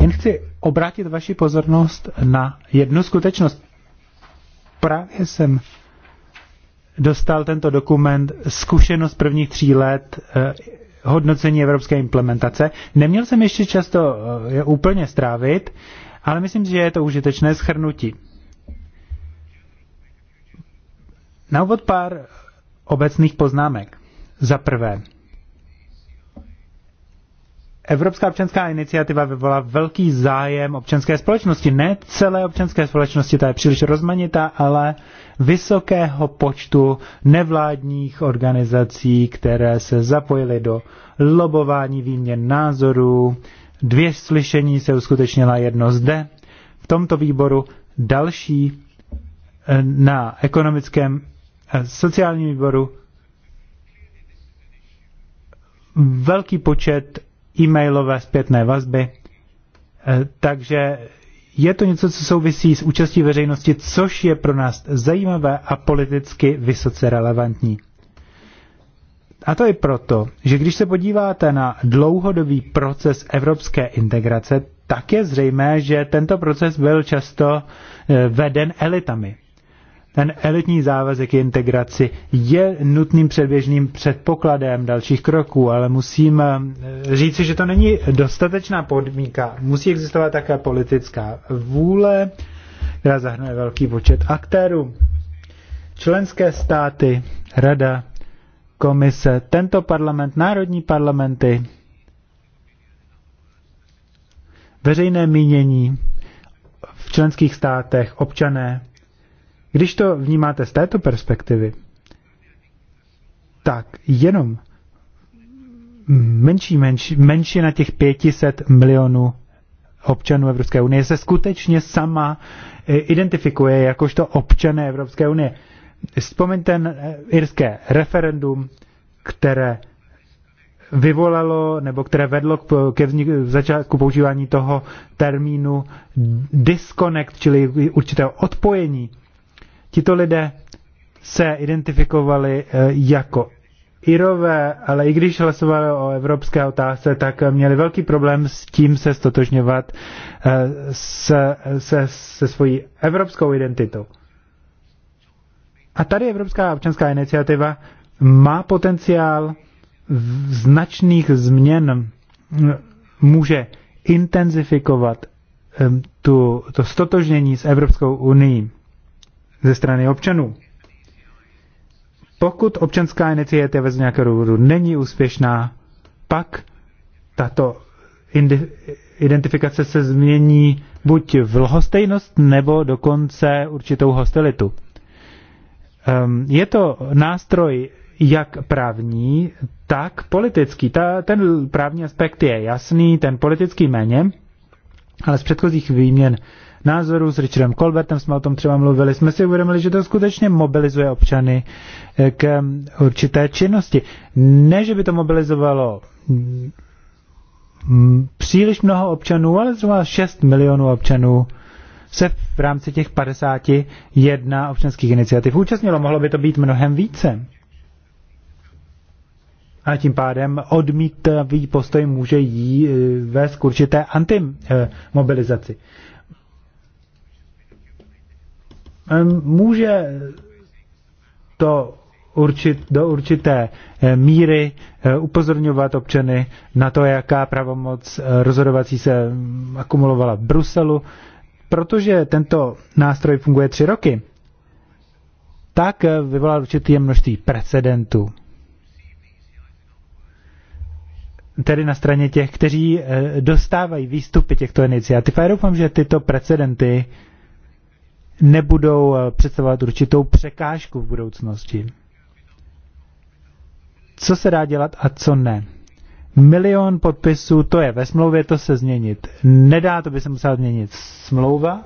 jen chci obrátit vaši pozornost na jednu skutečnost. Právě jsem dostal tento dokument zkušenost prvních tří let eh, hodnocení evropské implementace. Neměl jsem ještě často eh, je úplně strávit, ale myslím, že je to užitečné schrnutí. Na úvod pár obecných poznámek. Za prvé, Evropská občanská iniciativa vyvolá velký zájem občanské společnosti. Ne celé občanské společnosti, ta je příliš rozmanitá, ale vysokého počtu nevládních organizací, které se zapojily do lobování výměn názorů. Dvě slyšení se uskutečnila jedno zde, v tomto výboru, další eh, na ekonomickém eh, sociálním výboru. Velký počet e-mailové zpětné vazby. E, takže je to něco, co souvisí s účastí veřejnosti, což je pro nás zajímavé a politicky vysoce relevantní. A to i proto, že když se podíváte na dlouhodobý proces evropské integrace, tak je zřejmé, že tento proces byl často e, veden elitami. Ten elitní závazek integraci je nutným předběžným předpokladem dalších kroků, ale musím eh, říci, že to není dostatečná podmínka. Musí existovat také politická vůle, která zahrnuje velký počet aktérů. Členské státy, rada, komise, tento parlament, národní parlamenty, veřejné mínění v členských státech, občané, když to vnímáte z této perspektivy, tak jenom menší, menší na těch 500 milionů občanů Evropské unie se skutečně sama eh, identifikuje jakožto občané Evropské unie. Vzpomeňte na eh, irské referendum, které vyvolalo nebo které vedlo ke vzniku, začátku používání toho termínu disconnect, čili určitého odpojení Tito lidé se identifikovali eh, jako Irové, ale i když hlasovali o evropské otázce, tak měli velký problém s tím se stotožňovat eh, se, se, se svojí evropskou identitou. A tady Evropská občanská iniciativa má potenciál značných změn, může intenzifikovat eh, tu, to stotožnění s Evropskou unii ze strany občanů. Pokud občanská iniciativa z nějakého důvodu není úspěšná, pak tato identifikace se změní buď v lhostejnost nebo dokonce určitou hostilitu. Ehm, je to nástroj jak právní, tak politický. Ta, ten právní aspekt je jasný, ten politický méně, ale z předchozích výměn názorů, s Richardem Colbertem jsme o tom třeba mluvili, jsme si uvědomili, že to skutečně mobilizuje občany eh, k eh, určité činnosti. Ne, že by to mobilizovalo mm, mm, příliš mnoho občanů, ale zhruba 6 milionů občanů se v rámci těch 51 občanských iniciativ účastnilo. Mohlo by to být mnohem více. A tím pádem odmítavý postoj může jí eh, vést k určité antimobilizaci může to určit, do určité eh, míry eh, upozorňovat občany na to, jaká pravomoc eh, rozhodovací se mm, akumulovala v Bruselu, protože tento nástroj funguje tři roky, tak vyvolal určitý množství precedentů. Tedy na straně těch, kteří dostávají výstupy těchto iniciativ. A já doufám, že tyto precedenty nebudou eh, představovat určitou překážku v budoucnosti. Co se dá dělat a co ne? Milion podpisů, to je ve smlouvě, to se změnit nedá, to by se musela změnit smlouva.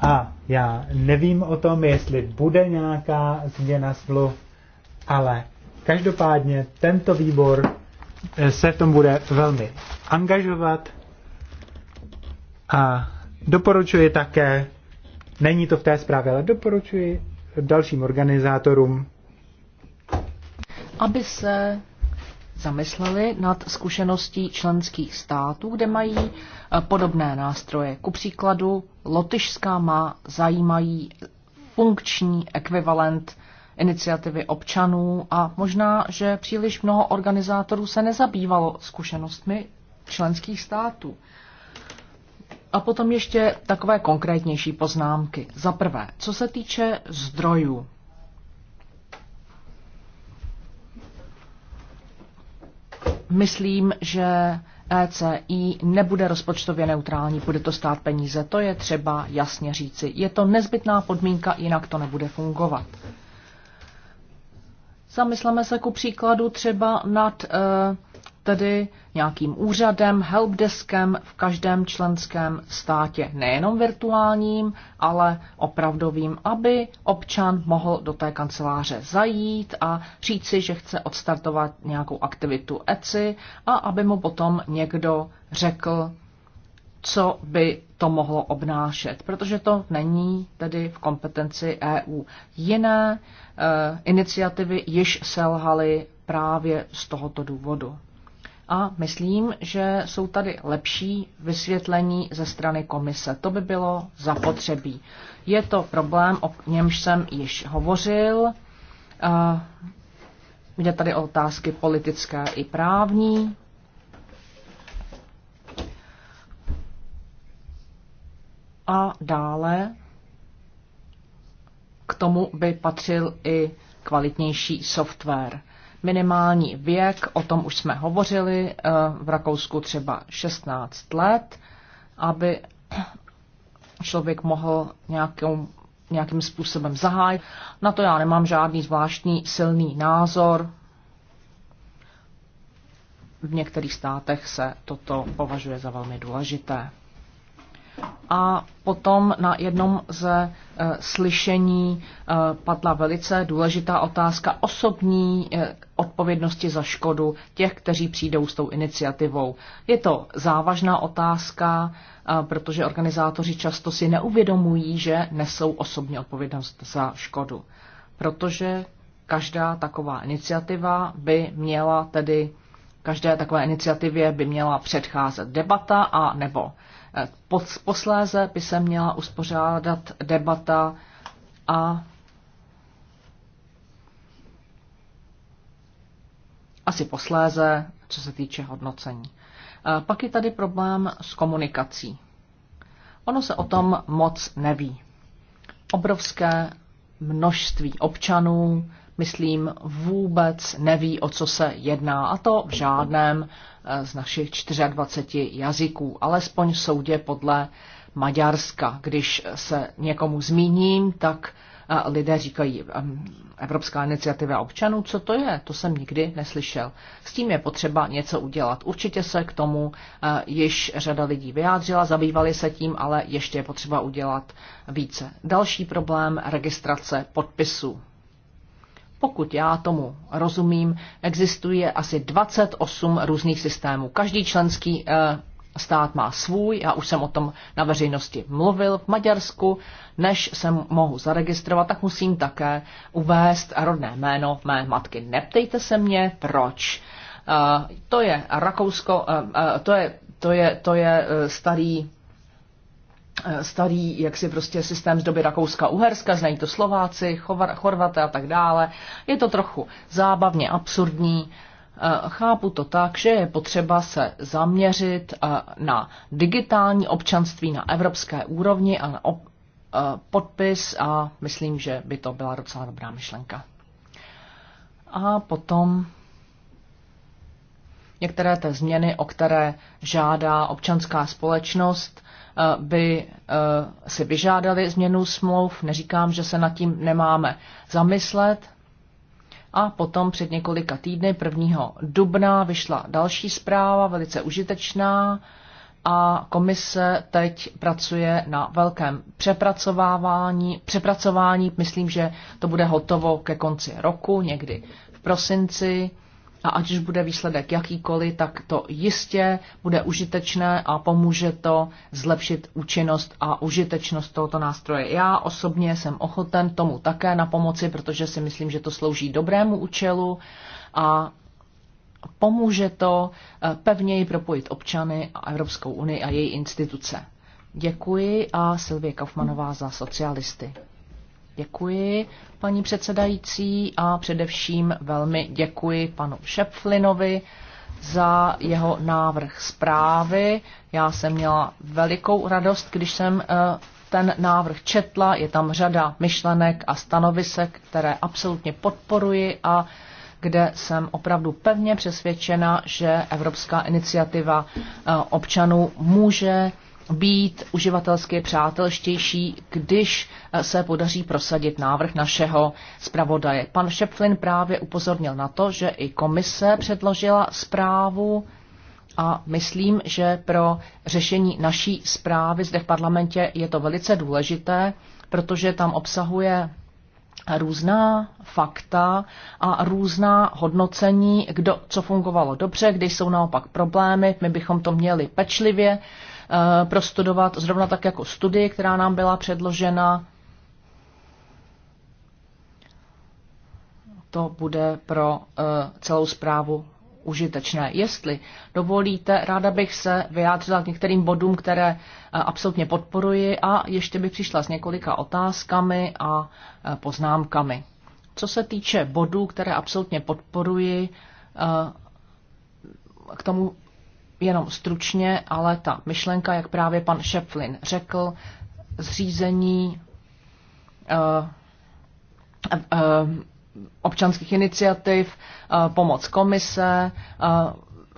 A já nevím o tom, jestli bude nějaká změna smluv, ale každopádně tento výbor eh, se v tom bude velmi angažovat a doporučuji také Není to v té zprávě, ale doporučuji dalším organizátorům, aby se zamysleli nad zkušeností členských států, kde mají eh, podobné nástroje. Ku příkladu Lotyšská má zajímají funkční ekvivalent iniciativy občanů a možná, že příliš mnoho organizátorů se nezabývalo zkušenostmi členských států. A potom ještě takové konkrétnější poznámky. Za prvé, co se týče zdrojů. Myslím, že ECI nebude rozpočtově neutrální, bude to stát peníze. To je třeba jasně říci. Je to nezbytná podmínka, jinak to nebude fungovat. Zamysleme se ku příkladu třeba nad. Uh, tedy nějakým úřadem, helpdeskem v každém členském státě, nejenom virtuálním, ale opravdovým, aby občan mohl do té kanceláře zajít a říct si, že chce odstartovat nějakou aktivitu ECI a aby mu potom někdo řekl, co by to mohlo obnášet, protože to není tedy v kompetenci EU. Jiné e, iniciativy již selhaly právě z tohoto důvodu a myslím, že jsou tady lepší vysvětlení ze strany komise. To by bylo zapotřebí. Je to problém, o němž jsem již hovořil. Jde tady o otázky politické i právní. A dále k tomu by patřil i kvalitnější software minimální věk, o tom už jsme hovořili, eh, v Rakousku třeba 16 let, aby člověk mohl nějakou, nějakým způsobem zahájit. Na to já nemám žádný zvláštní silný názor. V některých státech se toto považuje za velmi důležité a potom na jednom ze eh, slyšení eh, padla velice důležitá otázka osobní eh, odpovědnosti za škodu těch, kteří přijdou s tou iniciativou. Je to závažná otázka, protože organizátoři často si neuvědomují, že nesou osobní odpovědnost za škodu. Protože každá taková iniciativa by měla tedy, každé takové iniciativě by měla předcházet debata a nebo Posléze by se měla uspořádat debata a asi posléze, co se týče hodnocení. Eh, pak je tady problém s komunikací. Ono se o tom moc neví. Obrovské množství občanů myslím, vůbec neví, o co se jedná, a to v žádném eh, z našich 24 jazyků, alespoň v soudě podle Maďarska. Když se někomu zmíním, tak eh, lidé říkají ehm, Evropská iniciativa občanů, co to je, to jsem nikdy neslyšel. S tím je potřeba něco udělat. Určitě se k tomu eh, již řada lidí vyjádřila, zabývali se tím, ale ještě je potřeba udělat více. Další problém registrace podpisů. Pokud já tomu rozumím, existuje asi 28 různých systémů. Každý členský eh, stát má svůj, já už jsem o tom na veřejnosti mluvil v Maďarsku. Než se mohu zaregistrovat, tak musím také uvést rodné jméno mé matky. Neptejte se mě, proč. Eh, to je Rakousko, eh, to je, to je, to je starý Eh, starý jaksi prostě systém z doby Rakouska-Uherska, znají to Slováci, Chorvaté a tak dále. Je to trochu zábavně absurdní. Eh, chápu to tak, že je potřeba se zaměřit eh, na digitální občanství na evropské úrovni a na podpis a myslím, že by to byla docela dobrá myšlenka. A potom Některé té změny, o které žádá občanská společnost, eh, by eh, si vyžádali změnu smlouv. Neříkám, že se nad tím nemáme zamyslet. A potom před několika týdny, 1. dubna, vyšla další zpráva, velice užitečná, a komise teď pracuje na velkém přepracovávání. Přepracování, myslím, že to bude hotovo ke konci roku, někdy v prosinci a ať už bude výsledek jakýkoliv, tak to jistě bude užitečné a pomůže to zlepšit účinnost a užitečnost tohoto nástroje. Já osobně jsem ochoten tomu také na pomoci, protože si myslím, že to slouží dobrému účelu a pomůže to eh, pevněji propojit občany a Evropskou unii a její instituce. Děkuji a Silvie Kaufmanová za socialisty. Děkuji, paní předsedající, a především velmi děkuji panu Šepflinovi za jeho návrh zprávy. Já jsem měla velikou radost, když jsem eh, ten návrh četla. Je tam řada myšlenek a stanovisek, které absolutně podporuji a kde jsem opravdu pevně přesvědčena, že Evropská iniciativa eh, občanů může být uživatelsky přátelštější, když eh, se podaří prosadit návrh našeho zpravodaje. Pan Šepflin právě upozornil na to, že i komise předložila zprávu a myslím, že pro řešení naší zprávy zde v parlamentě je to velice důležité, protože tam obsahuje různá fakta a různá hodnocení, kdo, co fungovalo dobře, kde jsou naopak problémy. My bychom to měli pečlivě Eh, prostudovat, zrovna tak jako studii, která nám byla předložena. To bude pro eh, celou zprávu užitečné. Jestli dovolíte, ráda bych se vyjádřila k některým bodům, které eh, absolutně podporuji a ještě bych přišla s několika otázkami a poznámkami. Co se týče bodů, které absolutně podporuji, k tomu jenom stručně, ale ta myšlenka, jak právě pan Šeflin řekl, zřízení eh, eh, občanských iniciativ, eh, pomoc komise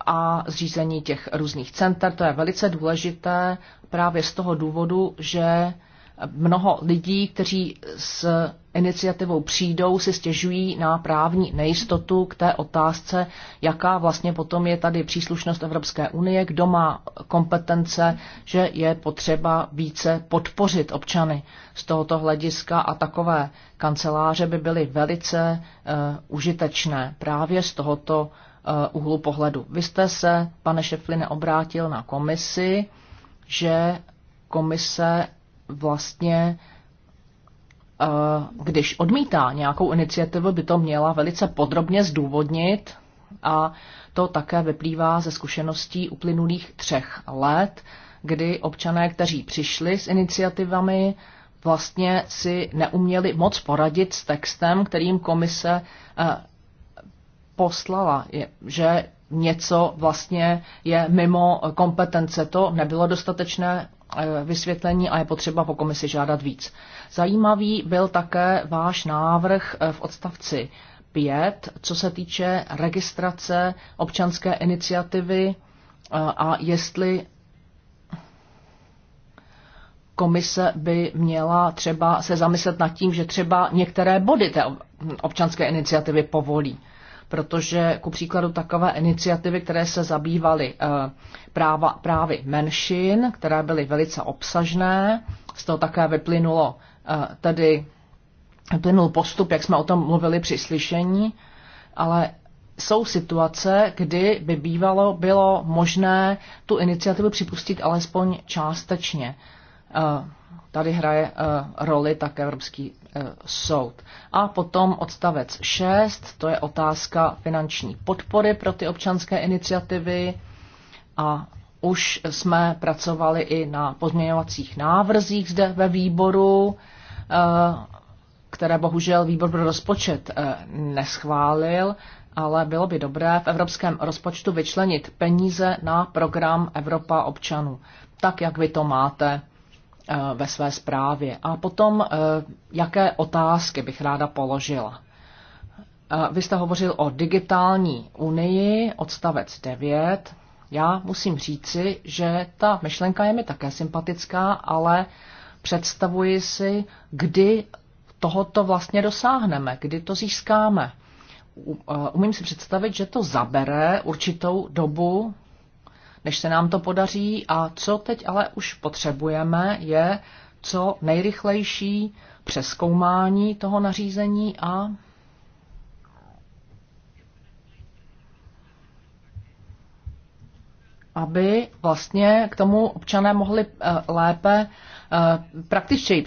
a zřízení těch různých center, to je velice důležité právě z toho důvodu, že mnoho lidí, kteří s iniciativou přijdou, si stěžují na právní nejistotu k té otázce, jaká vlastně potom je tady příslušnost Evropské unie, kdo má kompetence, že je potřeba více podpořit občany z tohoto hlediska a takové kanceláře by byly velice uh, užitečné právě z tohoto uh, úhlu pohledu. Vy jste se, pane Šefline, obrátil na komisi, že komise vlastně eh, když odmítá nějakou iniciativu, by to měla velice podrobně zdůvodnit a to také vyplývá ze zkušeností uplynulých třech let, kdy občané, kteří přišli s iniciativami, vlastně si neuměli moc poradit s textem, kterým komise eh, poslala, že něco vlastně je mimo kompetence. To nebylo dostatečné Eh, vysvětlení a je potřeba po komisi žádat víc. Zajímavý byl také váš návrh eh, v odstavci 5, co se týče registrace občanské iniciativy eh, a jestli komise by měla třeba se zamyslet nad tím, že třeba některé body té občanské iniciativy povolí protože ku příkladu takové iniciativy, které se zabývaly eh, práva, právy menšin, které byly velice obsažné, z toho také vyplynulo eh, tedy vyplynul postup, jak jsme o tom mluvili při slyšení, ale jsou situace, kdy by bývalo bylo možné tu iniciativu připustit alespoň částečně. Eh, tady hraje eh, roli tak Evropský eh, soud. A potom odstavec 6, to je otázka finanční podpory pro ty občanské iniciativy. A už jsme pracovali i na pozměňovacích návrzích zde ve výboru, eh, které bohužel výbor pro rozpočet neschválil, ale bylo by dobré v evropském rozpočtu vyčlenit peníze na program Evropa občanů, tak jak vy to máte Eh, ve své zprávě. A potom, eh, jaké otázky bych ráda položila. Eh, vy jste hovořil o digitální unii, odstavec 9. Já musím říci, že ta myšlenka je mi také sympatická, ale představuji si, kdy tohoto vlastně dosáhneme, kdy to získáme. Umím si představit, že to zabere určitou dobu, než se nám to podaří. A co teď ale už potřebujeme, je co nejrychlejší přeskoumání toho nařízení a aby vlastně k tomu občané mohli eh, lépe eh, praktičtěji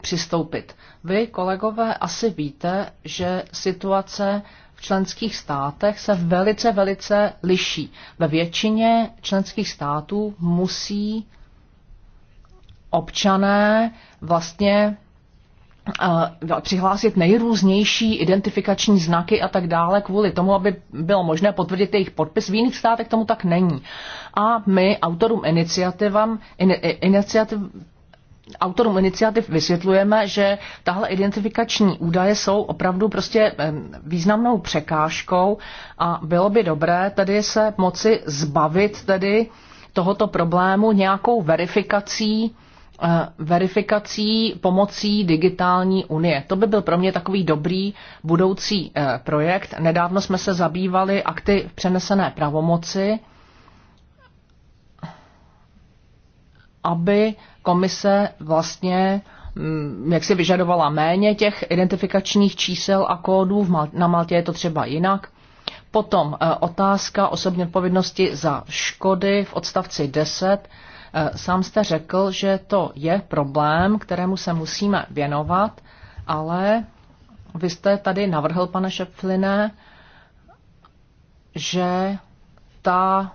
přistoupit. Vy, kolegové, asi víte, že situace v členských státech se velice, velice liší. Ve většině členských států musí občané vlastně eh, přihlásit nejrůznější identifikační znaky a tak dále kvůli tomu, aby bylo možné potvrdit jejich podpis. V jiných státech tomu tak není. A my autorům iniciativám, in, iniciativ, autorům iniciativ vysvětlujeme, že tahle identifikační údaje jsou opravdu prostě významnou překážkou a bylo by dobré tedy se moci zbavit tedy tohoto problému nějakou verifikací, eh, verifikací pomocí digitální unie. To by byl pro mě takový dobrý budoucí eh, projekt. Nedávno jsme se zabývali akty v přenesené pravomoci, aby komise vlastně mm, jak si vyžadovala méně těch identifikačních čísel a kódů, na Maltě je to třeba jinak. Potom eh, otázka osobní odpovědnosti za škody v odstavci 10. Eh, sám jste řekl, že to je problém, kterému se musíme věnovat, ale vy jste tady navrhl, pane Šepfline, že ta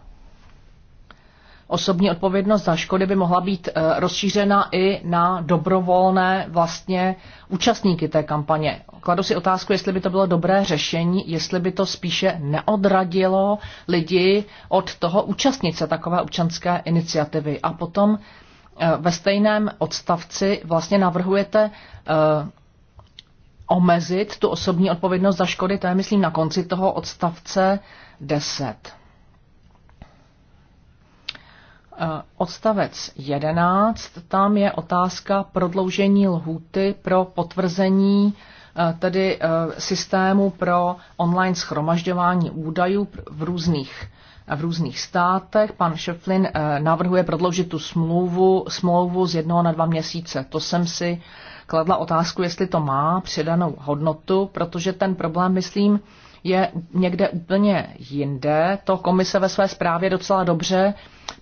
osobní odpovědnost za škody by mohla být eh, rozšířena i na dobrovolné vlastně účastníky té kampaně. Kladu si otázku, jestli by to bylo dobré řešení, jestli by to spíše neodradilo lidi od toho účastnit se takové občanské iniciativy. A potom eh, ve stejném odstavci vlastně navrhujete eh, omezit tu osobní odpovědnost za škody, to je myslím na konci toho odstavce 10. Eh, odstavec 11, tam je otázka prodloužení lhůty pro potvrzení eh, tedy eh, systému pro online schromažďování údajů v různých v různých státech. Pan Šeflin navrhuje prodloužit tu smlouvu, smlouvu z jednoho na dva měsíce. To jsem si kladla otázku, jestli to má přidanou hodnotu, protože ten problém, myslím, je někde úplně jinde. To komise ve své zprávě docela dobře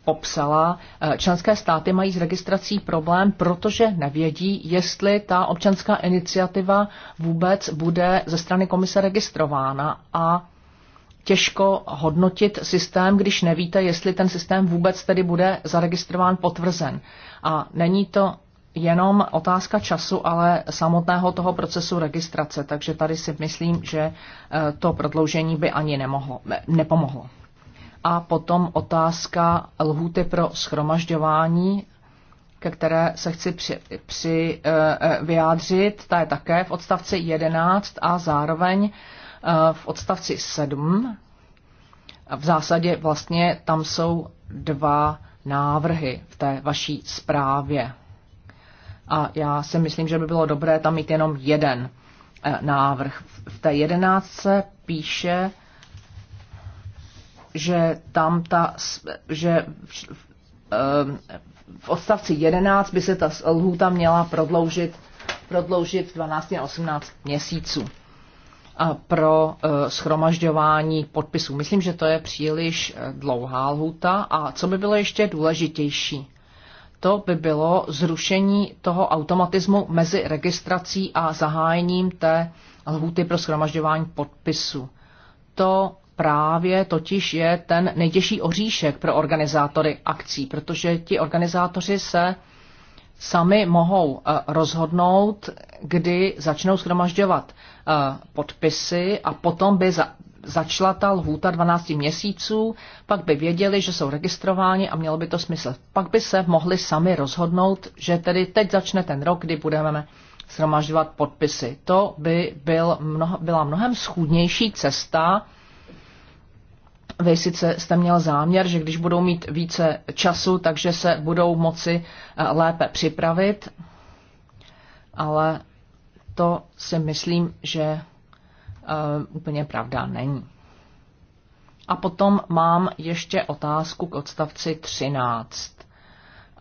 popsala. Eh, členské státy mají s registrací problém, protože nevědí, jestli ta občanská iniciativa vůbec bude ze strany komise registrována a těžko hodnotit systém, když nevíte, jestli ten systém vůbec tedy bude zaregistrován, potvrzen. A není to jenom otázka času, ale samotného toho procesu registrace. Takže tady si myslím, že eh, to prodloužení by ani nemohlo, nepomohlo. A potom otázka lhůty pro schromažďování, ke které se chci při, při eh, eh, vyjádřit. Ta je také v odstavci 11 a zároveň v odstavci 7. V zásadě vlastně tam jsou dva návrhy v té vaší zprávě a já si myslím, že by bylo dobré tam mít jenom jeden eh, návrh. V té jedenáctce píše, že tam ta, že v eh, odstavci 11 by se ta lhůta měla prodloužit, prodloužit 12 na 18 měsíců pro eh, schromažďování podpisů. Myslím, že to je příliš dlouhá lhůta a co by bylo ještě důležitější? to by bylo zrušení toho automatismu mezi registrací a zahájením té lhůty pro schromažďování podpisu. To právě totiž je ten nejtěžší oříšek pro organizátory akcí, protože ti organizátoři se sami mohou eh, rozhodnout, kdy začnou schromažďovat eh, podpisy a potom by začala ta lhůta 12 měsíců, pak by věděli, že jsou registrováni a mělo by to smysl. Pak by se mohli sami rozhodnout, že tedy teď začne ten rok, kdy budeme shromažďovat podpisy. To by byl mnoho, byla mnohem schůdnější cesta. Vy sice jste měl záměr, že když budou mít více času, takže se budou moci eh, lépe připravit, ale to si myslím, že Eh, úplně pravda není. A potom mám ještě otázku k odstavci 13.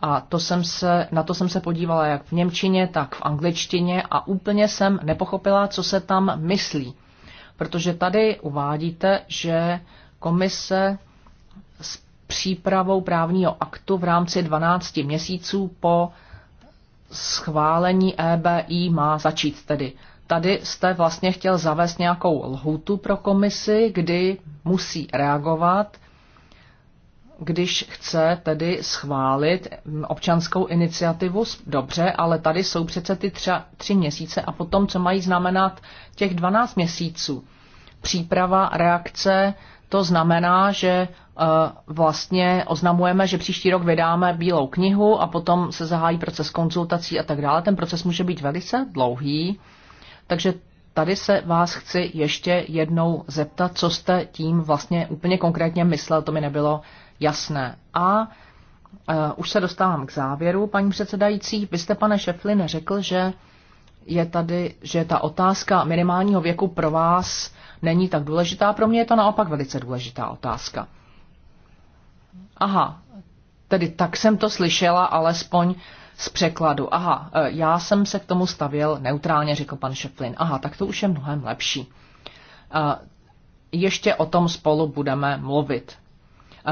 A to jsem se, na to jsem se podívala jak v Němčině, tak v angličtině a úplně jsem nepochopila, co se tam myslí. Protože tady uvádíte, že komise s přípravou právního aktu v rámci 12 měsíců po schválení EBI má začít tedy tady jste vlastně chtěl zavést nějakou lhutu pro komisi, kdy musí reagovat, když chce tedy schválit občanskou iniciativu, dobře, ale tady jsou přece ty tři, tři měsíce a potom, co mají znamenat těch 12 měsíců. Příprava, reakce, to znamená, že eh, vlastně oznamujeme, že příští rok vydáme bílou knihu a potom se zahájí proces konzultací a tak dále. Ten proces může být velice dlouhý takže tady se vás chci ještě jednou zeptat, co jste tím vlastně úplně konkrétně myslel, to mi nebylo jasné. A uh, už se dostávám k závěru, paní předsedající. Vy jste, pane Šeflin, řekl, že je tady, že ta otázka minimálního věku pro vás není tak důležitá. Pro mě je to naopak velice důležitá otázka. Aha, tedy tak jsem to slyšela, alespoň z překladu. Aha, e, já jsem se k tomu stavěl neutrálně, řekl pan Šeflin. Aha, tak to už je mnohem lepší. E, ještě o tom spolu budeme mluvit.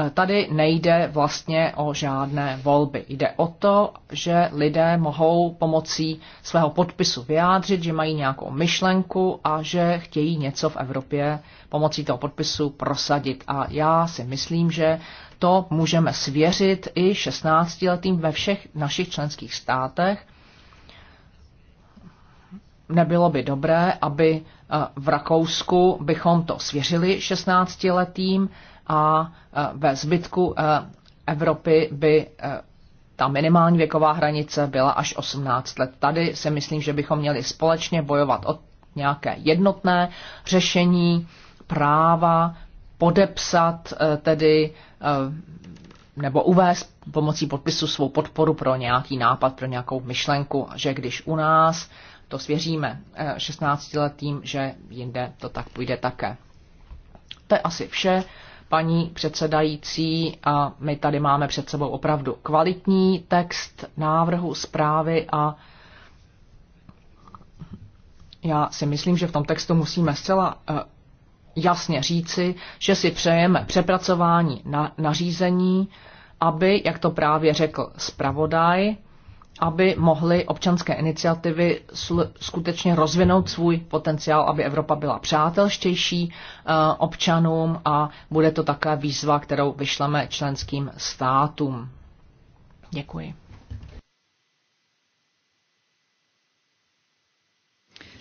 E, tady nejde vlastně o žádné volby. Jde o to, že lidé mohou pomocí svého podpisu vyjádřit, že mají nějakou myšlenku a že chtějí něco v Evropě pomocí toho podpisu prosadit. A já si myslím, že to můžeme svěřit i 16-letým ve všech našich členských státech. Nebylo by dobré, aby eh, v Rakousku bychom to svěřili 16-letým a eh, ve zbytku eh, Evropy by ta minimální věková hranice byla až 18 let. Tady si myslím, že bychom měli společně bojovat o nějaké jednotné řešení práva podepsat eh, tedy eh, nebo uvést pomocí podpisu svou podporu pro nějaký nápad, pro nějakou myšlenku, že když u nás to svěříme 16-letým, eh, že jinde to tak půjde také. To je asi vše, paní předsedající, a my tady máme před sebou opravdu kvalitní text návrhu zprávy a já si myslím, že v tom textu musíme zcela jasně říci, že si přejeme přepracování na, nařízení, aby, jak to právě řekl zpravodaj, aby mohly občanské iniciativy skutečně rozvinout svůj potenciál, aby Evropa byla přátelštější eh, občanům a bude to taková výzva, kterou vyšleme členským státům. Děkuji.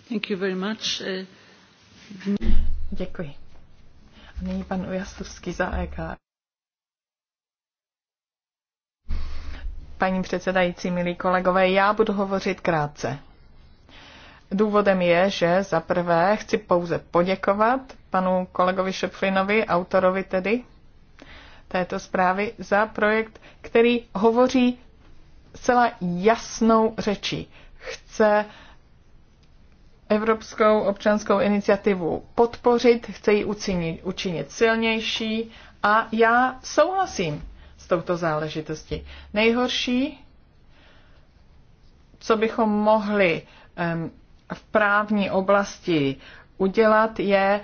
Thank you very much. Eh, Děkuji. A nyní pan Ujastovský za EK. Paní předsedající, milí kolegové, já budu hovořit krátce. Důvodem je, že za prvé chci pouze poděkovat panu kolegovi Šepflinovi, autorovi tedy této zprávy, za projekt, který hovoří celá jasnou řečí. Chce uh, Evropskou občanskou iniciativu podpořit, chce ji učinit, učinit silnější a já souhlasím s touto záležitostí. Nejhorší, co bychom mohli um, v právní oblasti udělat, je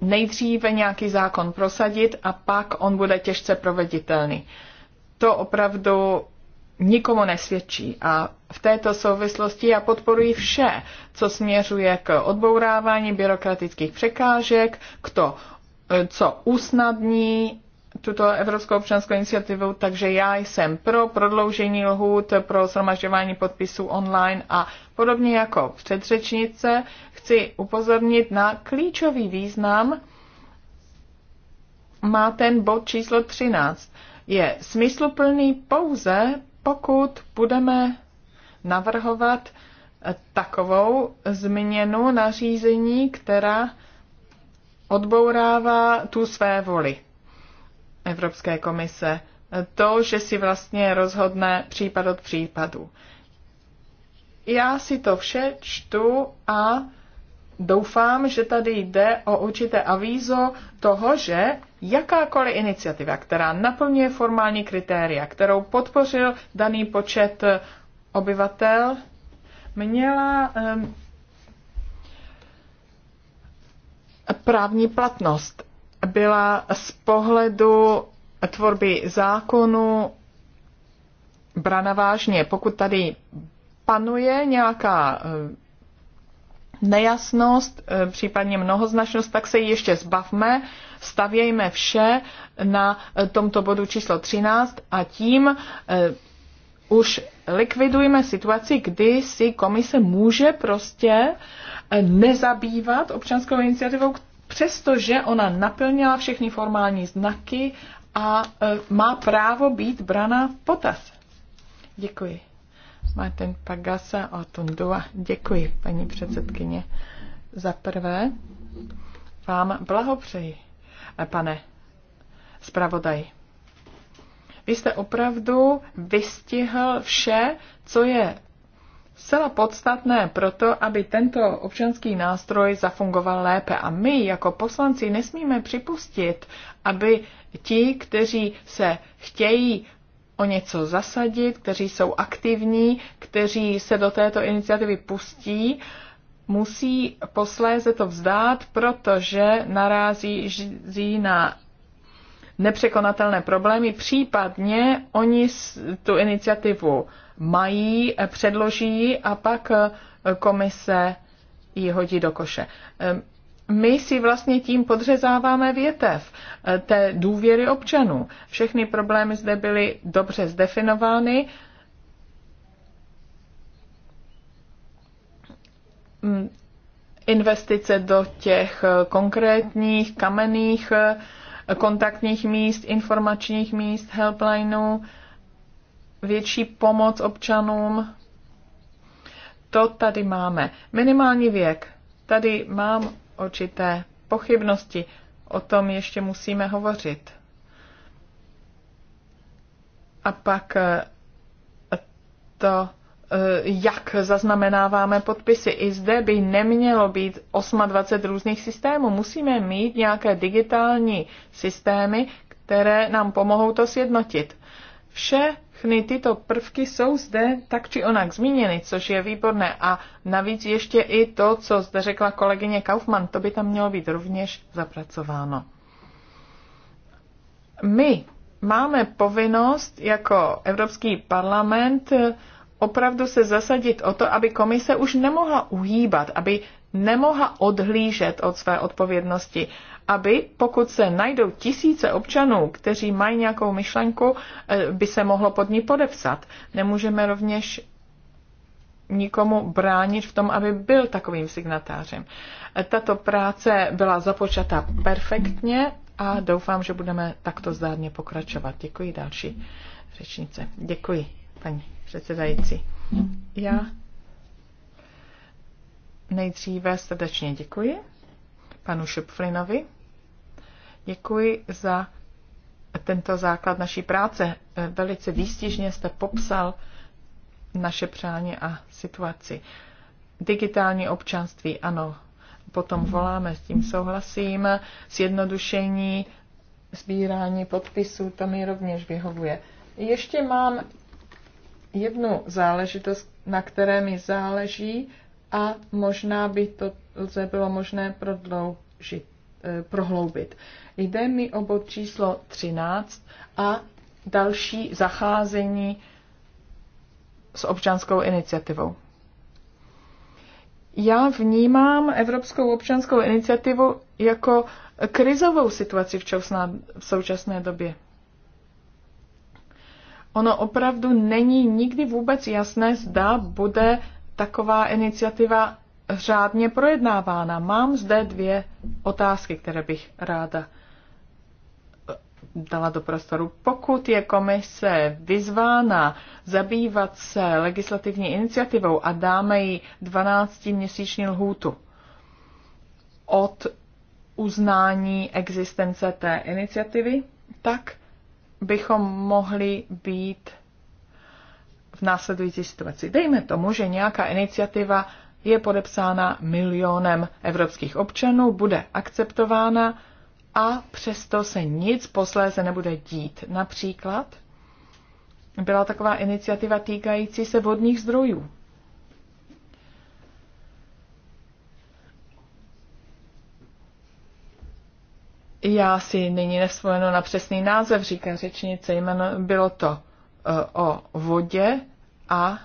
nejdříve nějaký zákon prosadit a pak on bude těžce proveditelný. To opravdu nikomu nesvědčí. A v této souvislosti já podporuji vše, co směřuje k odbourávání byrokratických překážek, k to, e, co usnadní tuto Evropskou občanskou iniciativu, takže já jsem pro prodloužení lhůt pro shromažďování podpisů online a podobně jako předřečnice chci upozornit na klíčový význam má ten bod číslo 13. Je smysluplný pouze, pokud budeme navrhovat eh, takovou změnu nařízení, která odbourává tu své voli Evropské komise. To, že si vlastně rozhodne případ od případu. Já si to vše čtu a doufám, že tady jde o určité avízo toho, že jakákoliv iniciativa, která naplňuje formální kritéria, kterou podpořil daný počet obyvatel, měla um, právní platnost. Byla z pohledu tvorby zákonu brana vážně. Pokud tady panuje nějaká um, nejasnost, e, případně mnohoznačnost, tak se ji ještě zbavme, stavějme vše na e, tomto bodu číslo 13 a tím e, už likvidujeme situaci, kdy si komise může prostě nezabývat občanskou iniciativou, přestože ona naplnila všechny formální znaky a má právo být brana v potaz. Děkuji. Martin Pagasa a Tundua. Děkuji, paní předsedkyně. Za prvé vám blahopřeji, pane zpravodaj. Vy jste opravdu vystihl vše, co je zcela podstatné pro to, aby tento občanský nástroj zafungoval lépe. A my jako poslanci nesmíme připustit, aby ti, kteří se chtějí o něco zasadit, kteří jsou aktivní, kteří se do této iniciativy pustí, musí posléze to vzdát, protože narází na nepřekonatelné problémy, případně oni tu iniciativu mají, předloží a pak komise ji hodí do koše my si vlastně tím podřezáváme větev eh, té důvěry občanů. Všechny problémy zde byly dobře zdefinovány. Mm, investice do těch eh, konkrétních kamenných eh, kontaktních míst, informačních míst, helplineů, větší pomoc občanům. To tady máme. Minimální věk. Tady mám určité pochybnosti. O tom ještě musíme hovořit. A pak eh, to, eh, jak zaznamenáváme podpisy. I zde by nemělo být 28 různých systémů. Musíme mít nějaké digitální systémy, které nám pomohou to sjednotit. Vše všechny tyto prvky jsou zde tak či onak zmíněny, což je výborné. A navíc ještě i to, co zde řekla kolegyně Kaufmann, to by tam mělo být rovněž zapracováno. My máme povinnost jako Evropský parlament opravdu se zasadit o to, aby komise už nemohla uhýbat, aby nemohla odhlížet od své odpovědnosti, aby pokud se najdou tisíce občanů, kteří mají nějakou myšlenku, eh, by se mohlo pod ní podepsat. Nemůžeme rovněž nikomu bránit v tom, aby byl takovým signatářem. Eh, tato práce byla započata perfektně a doufám, že budeme takto zdárně pokračovat. Děkuji další řečnice. Děkuji, paní předsedající. Já Nejdříve srdečně děkuji panu Šupflinovi. Děkuji za tento základ naší práce. Velice výstižně jste popsal naše přání a situaci. Digitální občanství, ano, potom voláme, s tím souhlasím. Sjednodušení, sbírání podpisů, to mi rovněž vyhovuje. Ještě mám jednu záležitost, na které mi záleží, a možná by to lze bylo možné prodloužit, eh, prohloubit. Jde mi o bod číslo 13 a další zacházení s občanskou iniciativou. Já vnímám Evropskou občanskou iniciativu jako krizovou situaci v současné době. Ono opravdu není nikdy vůbec jasné, zda bude taková iniciativa řádně projednávána. Mám zde dvě otázky, které bych ráda eh, dala do prostoru. Pokud je komise vyzvána zabývat se legislativní iniciativou a dáme jí 12-měsíční lhůtu od uznání existence té iniciativy, tak bychom mohli být následující situaci. Dejme tomu, že nějaká iniciativa je podepsána milionem evropských občanů, bude akceptována a přesto se nic posléze nebude dít. Například byla taková iniciativa týkající se vodních zdrojů. Já si nyní nevzpomenu na přesný název, říká řečnice, jméno, bylo to eh, o vodě, a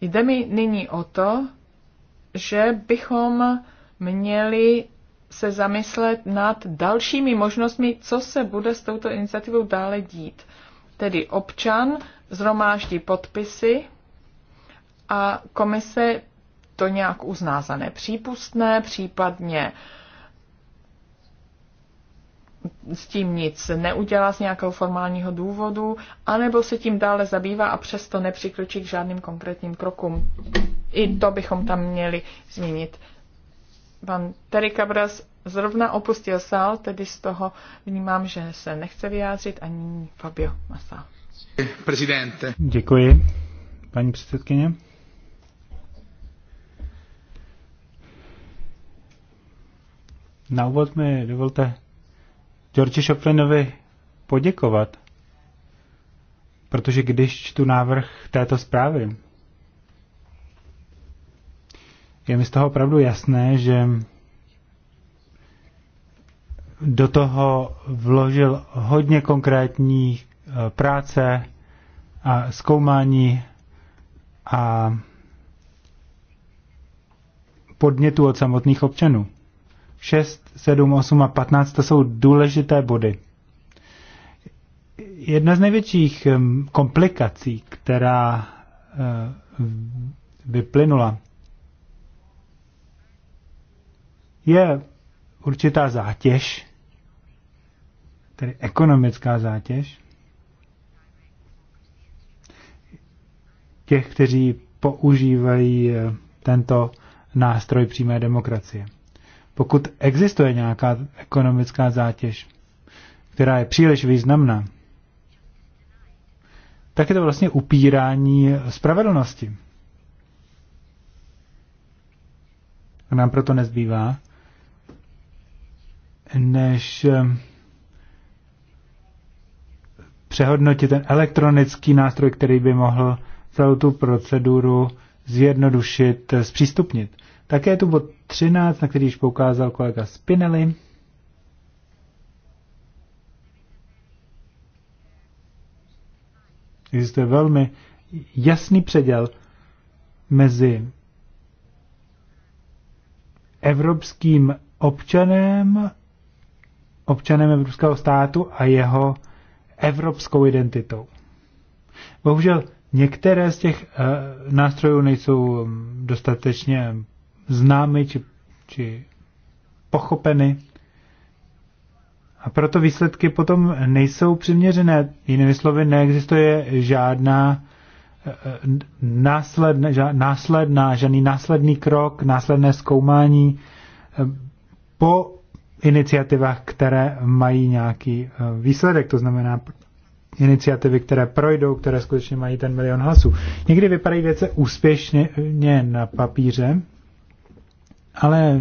jde mi nyní o to, že bychom měli se zamyslet nad dalšími možnostmi, co se bude s touto iniciativou dále dít. Tedy občan zromáždí podpisy a komise to nějak uzná za nepřípustné, případně uh, s tím nic neudělá z nějakého formálního důvodu, anebo se tím dále zabývá a přesto nepřikročí k žádným konkrétním krokům. I to bychom tam měli zmínit. Pan Terry Cabras zrovna opustil sál, tedy z toho vnímám, že se nechce vyjádřit ani Fabio Massa. Prezidente. Děkuji, paní předsedkyně. Na úvod mi dovolte George Šoplinovi poděkovat, protože když čtu návrh této zprávy, je mi z toho opravdu jasné, že do toho vložil hodně konkrétní eh, práce a zkoumání a podnětů od samotných občanů. 6, 7, 8 a 15, to jsou důležité body. Jedna z největších komplikací, která eh, vyplynula, je určitá zátěž, tedy ekonomická zátěž, těch, kteří používají eh, tento nástroj přímé demokracie pokud existuje nějaká ekonomická zátěž, která je příliš významná, tak je to vlastně upírání spravedlnosti. A nám proto nezbývá, než eh, přehodnotit ten elektronický nástroj, který by mohl celou tu proceduru zjednodušit, eh, zpřístupnit. Také tu bod 13, na který již poukázal kolega Spinelli. Existuje velmi jasný předěl mezi evropským občanem, občanem evropského státu a jeho evropskou identitou. Bohužel některé z těch eh, nástrojů nejsou dostatečně známy či, či pochopeny. A proto výsledky potom nejsou přiměřené. Jinými slovy, neexistuje žádná eh, následná, následná, žádný následný krok, následné zkoumání eh, po iniciativách, které mají nějaký eh, výsledek, to znamená iniciativy, které projdou, které skutečně mají ten milion hlasů. Někdy vypadají věce úspěšně na papíře, ale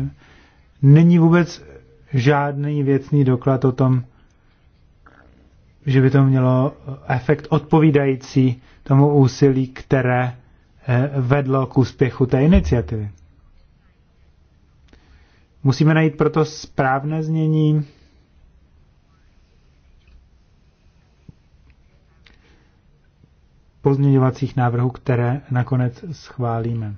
není vůbec žádný věcný doklad o tom, že by to mělo efekt odpovídající tomu úsilí, které eh, vedlo k úspěchu té iniciativy. Musíme najít proto správné znění. pozměňovacích návrhů, které nakonec schválíme.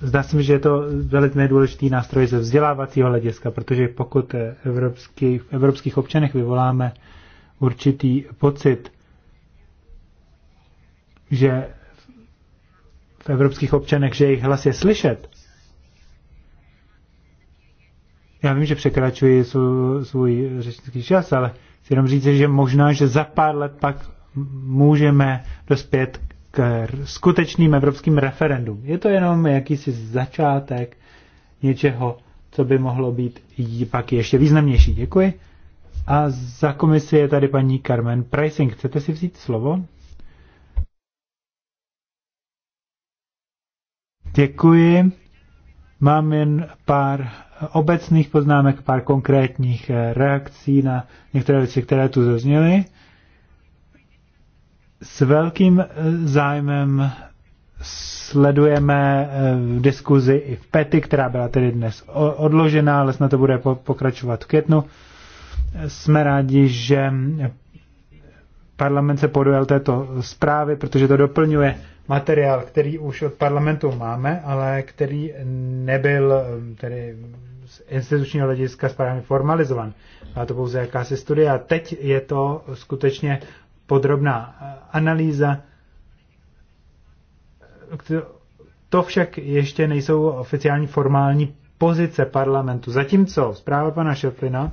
Zdá se mi, že je to velice důležitý nástroj ze vzdělávacího hlediska, protože pokud evropský, v evropských občanech vyvoláme určitý pocit, že v evropských občanech, že jejich hlas je slyšet, já vím, že překračuji svůj řečnický čas, ale chci jenom říct, že možná, že za pár let pak můžeme dospět k skutečným evropským referendum. Je to jenom jakýsi začátek něčeho, co by mohlo být pak ještě významnější. Děkuji. A za komisi je tady paní Carmen Pricing. Chcete si vzít slovo? Děkuji. Mám jen pár obecných poznámek, pár konkrétních reakcí na některé věci, které tu zazněly. S velkým eh, zájmem sledujeme eh, v diskuzi i v PETI, která byla tedy dnes odložená, ale snad to bude pokračovat v květnu. Jsme rádi, že parlament se podujel této zprávy, protože to doplňuje materiál, který už od parlamentu máme, ale který nebyl eh, tedy z institučního hlediska správně formalizovan. A to pouze jakási studie. A teď je to skutečně podrobná eh, analýza. To však ještě nejsou oficiální formální pozice parlamentu. Zatímco zpráva pana Šeflina,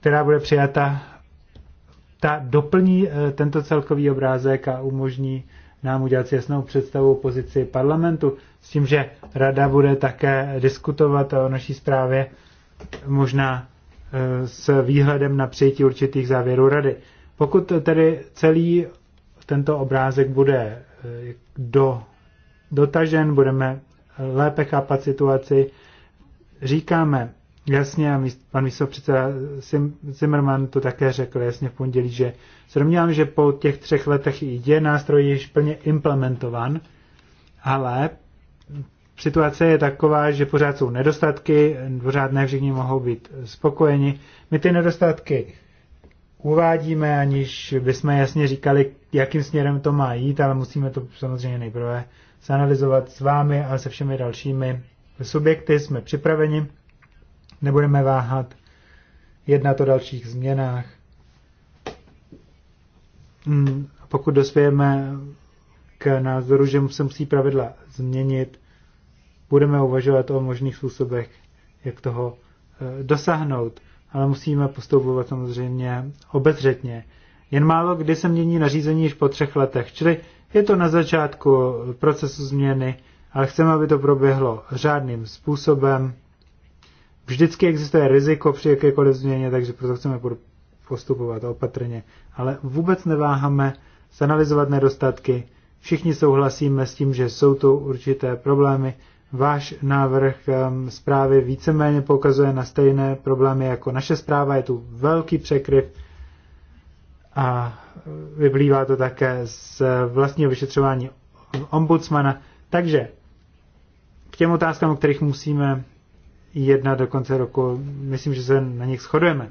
která bude přijata, ta doplní eh, tento celkový obrázek a umožní nám udělat si jasnou představu o pozici parlamentu, s tím, že rada bude také diskutovat o naší zprávě možná eh, s výhledem na přijetí určitých závěrů rady. Pokud tedy celý tento obrázek bude eh, do, dotažen, budeme lépe chápat situaci, říkáme jasně, a pan místopředseda Zimmerman to také řekl jasně v pondělí, že se domnívám, že po těch třech letech je nástroj již plně implementovan, ale situace je taková, že pořád jsou nedostatky, pořád ne všichni mohou být spokojeni. My ty nedostatky uvádíme, aniž bychom jasně říkali, jakým směrem to má jít, ale musíme to samozřejmě nejprve zanalizovat s vámi a se všemi dalšími subjekty. Jsme připraveni, nebudeme váhat jednat o dalších změnách. Hmm, pokud dospějeme k názoru, že se musí pravidla změnit, budeme uvažovat o možných způsobech, jak toho eh, dosáhnout ale musíme postupovat samozřejmě obezřetně. Jen málo kdy se mění nařízení již po třech letech, čili je to na začátku procesu změny, ale chceme, aby to proběhlo řádným způsobem. Vždycky existuje riziko při jakékoliv změně, takže proto chceme postupovat opatrně. Ale vůbec neváháme zanalizovat nedostatky. Všichni souhlasíme s tím, že jsou tu určité problémy, váš návrh ehm, zprávy víceméně poukazuje na stejné problémy jako naše zpráva. Je tu velký překryv a vyplývá to také z vlastního vyšetřování ombudsmana. Takže k těm otázkám, o kterých musíme jednat do konce roku, myslím, že se na nich shodujeme.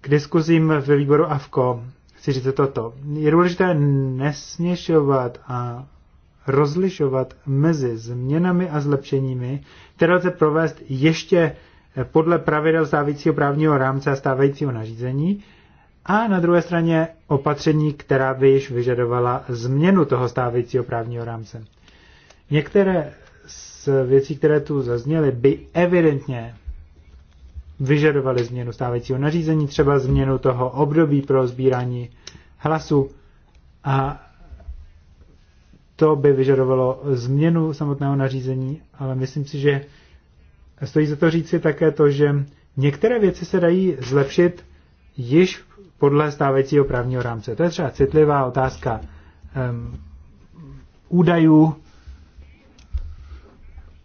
K diskuzím ve výboru AFKO chci říct toto. Je důležité nesměšovat a rozlišovat mezi změnami a zlepšeními, které lze provést ještě podle pravidel stávajícího právního rámce a stávajícího nařízení, a na druhé straně opatření, která by již vyžadovala změnu toho stávajícího právního rámce. Některé z věcí, které tu zazněly, by evidentně vyžadovaly změnu stávajícího nařízení, třeba změnu toho období pro sbírání hlasu a to by vyžadovalo změnu samotného nařízení, ale myslím si, že stojí za to říci také to, že některé věci se dají zlepšit již podle stávajícího právního rámce. To je třeba citlivá otázka um, údajů,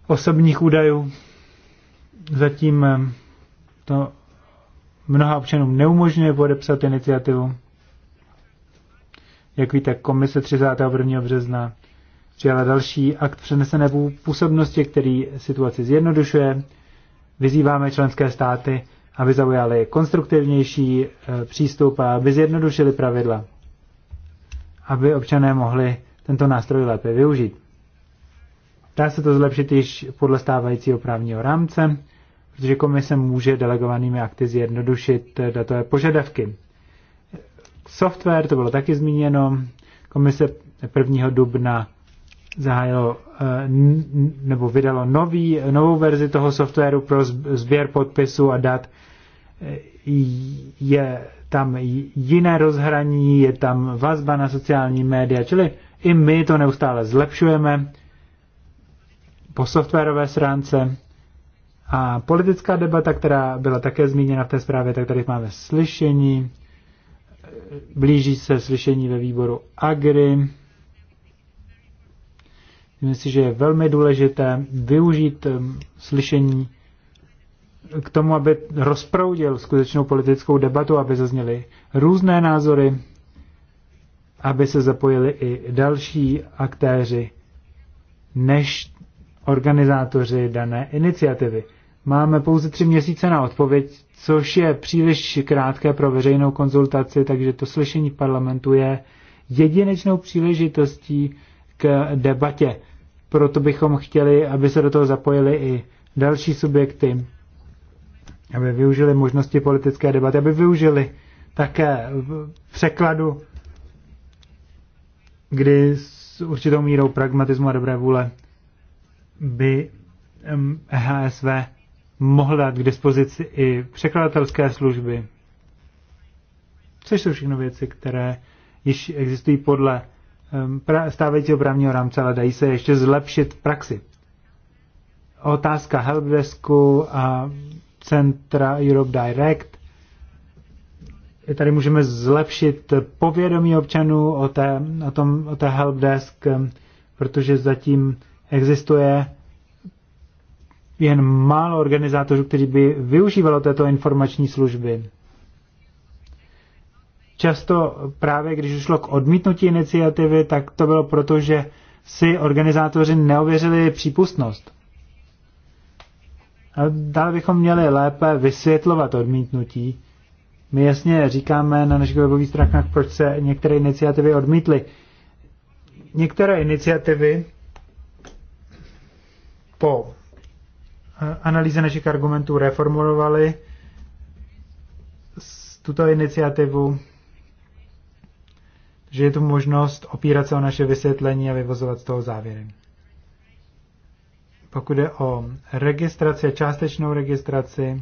osobních údajů. Zatím to mnoha občanům neumožňuje podepsat iniciativu. Jak víte, komise 31. března přijala další akt přenesené působnosti, který situaci zjednodušuje. Vyzýváme členské státy, aby zaujali konstruktivnější e, přístup a aby zjednodušili pravidla, aby občané mohli tento nástroj lépe využít. Dá se to zlepšit již podle stávajícího právního rámce, protože komise může delegovanými akty zjednodušit e, datové požadavky. Software, to bylo taky zmíněno, komise 1. dubna zahájilo eh, nebo vydalo nový, novou verzi toho softwaru pro sběr podpisů a dat. Eh, je tam jiné rozhraní, je tam vazba na sociální média, čili i my to neustále zlepšujeme po softwarové stránce. A politická debata, která byla také zmíněna v té zprávě, tak tady máme slyšení, eh, blíží se slyšení ve výboru Agri Myslím si, že je velmi důležité využít slyšení k tomu, aby rozproudil skutečnou politickou debatu, aby zazněly různé názory, aby se zapojili i další aktéři než organizátoři dané iniciativy. Máme pouze tři měsíce na odpověď, což je příliš krátké pro veřejnou konzultaci, takže to slyšení v parlamentu je jedinečnou příležitostí k debatě. Proto bychom chtěli, aby se do toho zapojili i další subjekty, aby využili možnosti politické debaty, aby využili také překladu, kdy s určitou mírou pragmatismu a dobré vůle by EHSV mohl dát k dispozici i překladatelské služby, což jsou všechno věci, které již existují podle Ehm, stávajícího právního rámce, ale dají se ještě zlepšit praxi. Otázka helpdesku a centra Europe Direct. Tady můžeme zlepšit povědomí občanů o té, o tom, o té helpdesk, ehm, protože zatím existuje jen málo organizátorů, kteří by využívalo této informační služby. Často právě když došlo k odmítnutí iniciativy, tak to bylo proto, že si organizátoři neověřili přípustnost. A dále bychom měli lépe vysvětlovat odmítnutí. My jasně říkáme na našich webových stránkách, proč se některé iniciativy odmítly. Některé iniciativy po analýze našich argumentů reformulovaly tuto iniciativu že je tu možnost opírat se o naše vysvětlení a vyvozovat z toho závěry. Pokud je o registraci a částečnou registraci,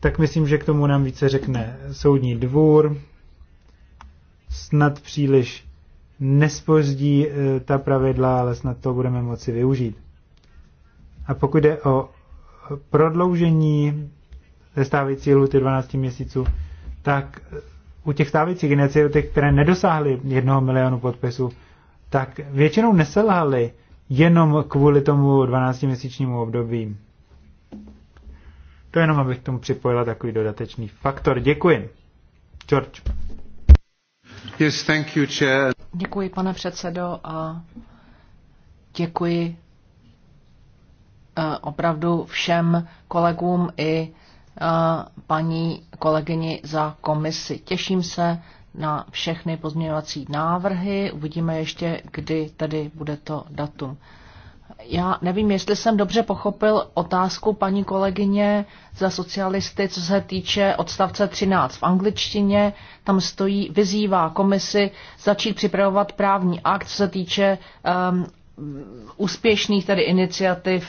tak myslím, že k tomu nám více řekne soudní dvůr. Snad příliš nespozdí eh, ta pravidla, ale snad to budeme moci využít. A pokud je o prodloužení ze stávající lhuty 12 měsíců, tak u těch stávajících iniciativ, které nedosáhly jednoho milionu podpisů, tak většinou neselhaly jenom kvůli tomu 12-měsíčnímu období. To jenom, abych k tomu připojila takový dodatečný faktor. Děkuji. George. Yes, thank you, chair. Děkuji, pane předsedo, a děkuji eh, opravdu všem kolegům i eh, paní kolegyni za komisi. Těším se na všechny pozměňovací návrhy. Uvidíme ještě, kdy tady bude to datum. Já nevím, jestli jsem dobře pochopil otázku paní kolegyně za socialisty, co se týče odstavce 13. V angličtině tam stojí, vyzývá komisi začít připravovat právní akt, co se týče um, úspěšných tedy iniciativ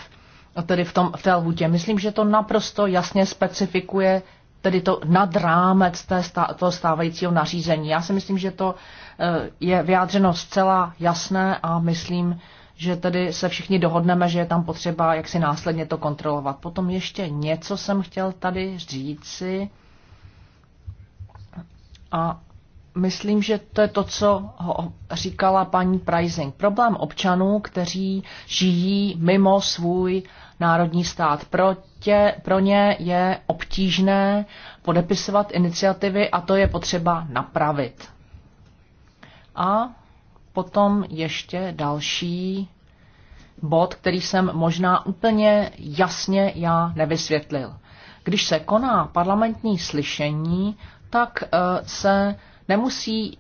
tedy v, tom, v té lhutě. Myslím, že to naprosto jasně specifikuje tedy to nad rámec té stá, toho stávajícího nařízení. Já si myslím, že to eh, je vyjádřeno zcela jasné a myslím, že tedy se všichni dohodneme, že je tam potřeba jak si následně to kontrolovat. Potom ještě něco jsem chtěl tady říci a myslím, že to je to, co ho říkala paní Pricing. Problém občanů, kteří žijí mimo svůj národní stát. Pro, tě, pro ně je obtížné podepisovat iniciativy a to je potřeba napravit. A potom ještě další bod, který jsem možná úplně jasně já nevysvětlil. Když se koná parlamentní slyšení, tak eh, se nemusí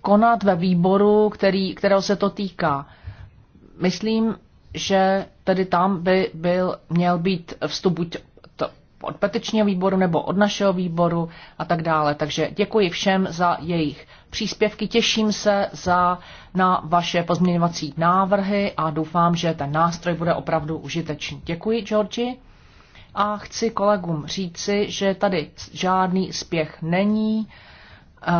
konat ve výboru, který, kterého se to týká. Myslím, že tedy tam by byl, měl být vstup buď to od petičního výboru nebo od našeho výboru a tak dále. Takže děkuji všem za jejich příspěvky, těším se za, na vaše pozměňovací návrhy a doufám, že ten nástroj bude opravdu užitečný. Děkuji, Georgi. A chci kolegům říci, že tady žádný spěch není eh,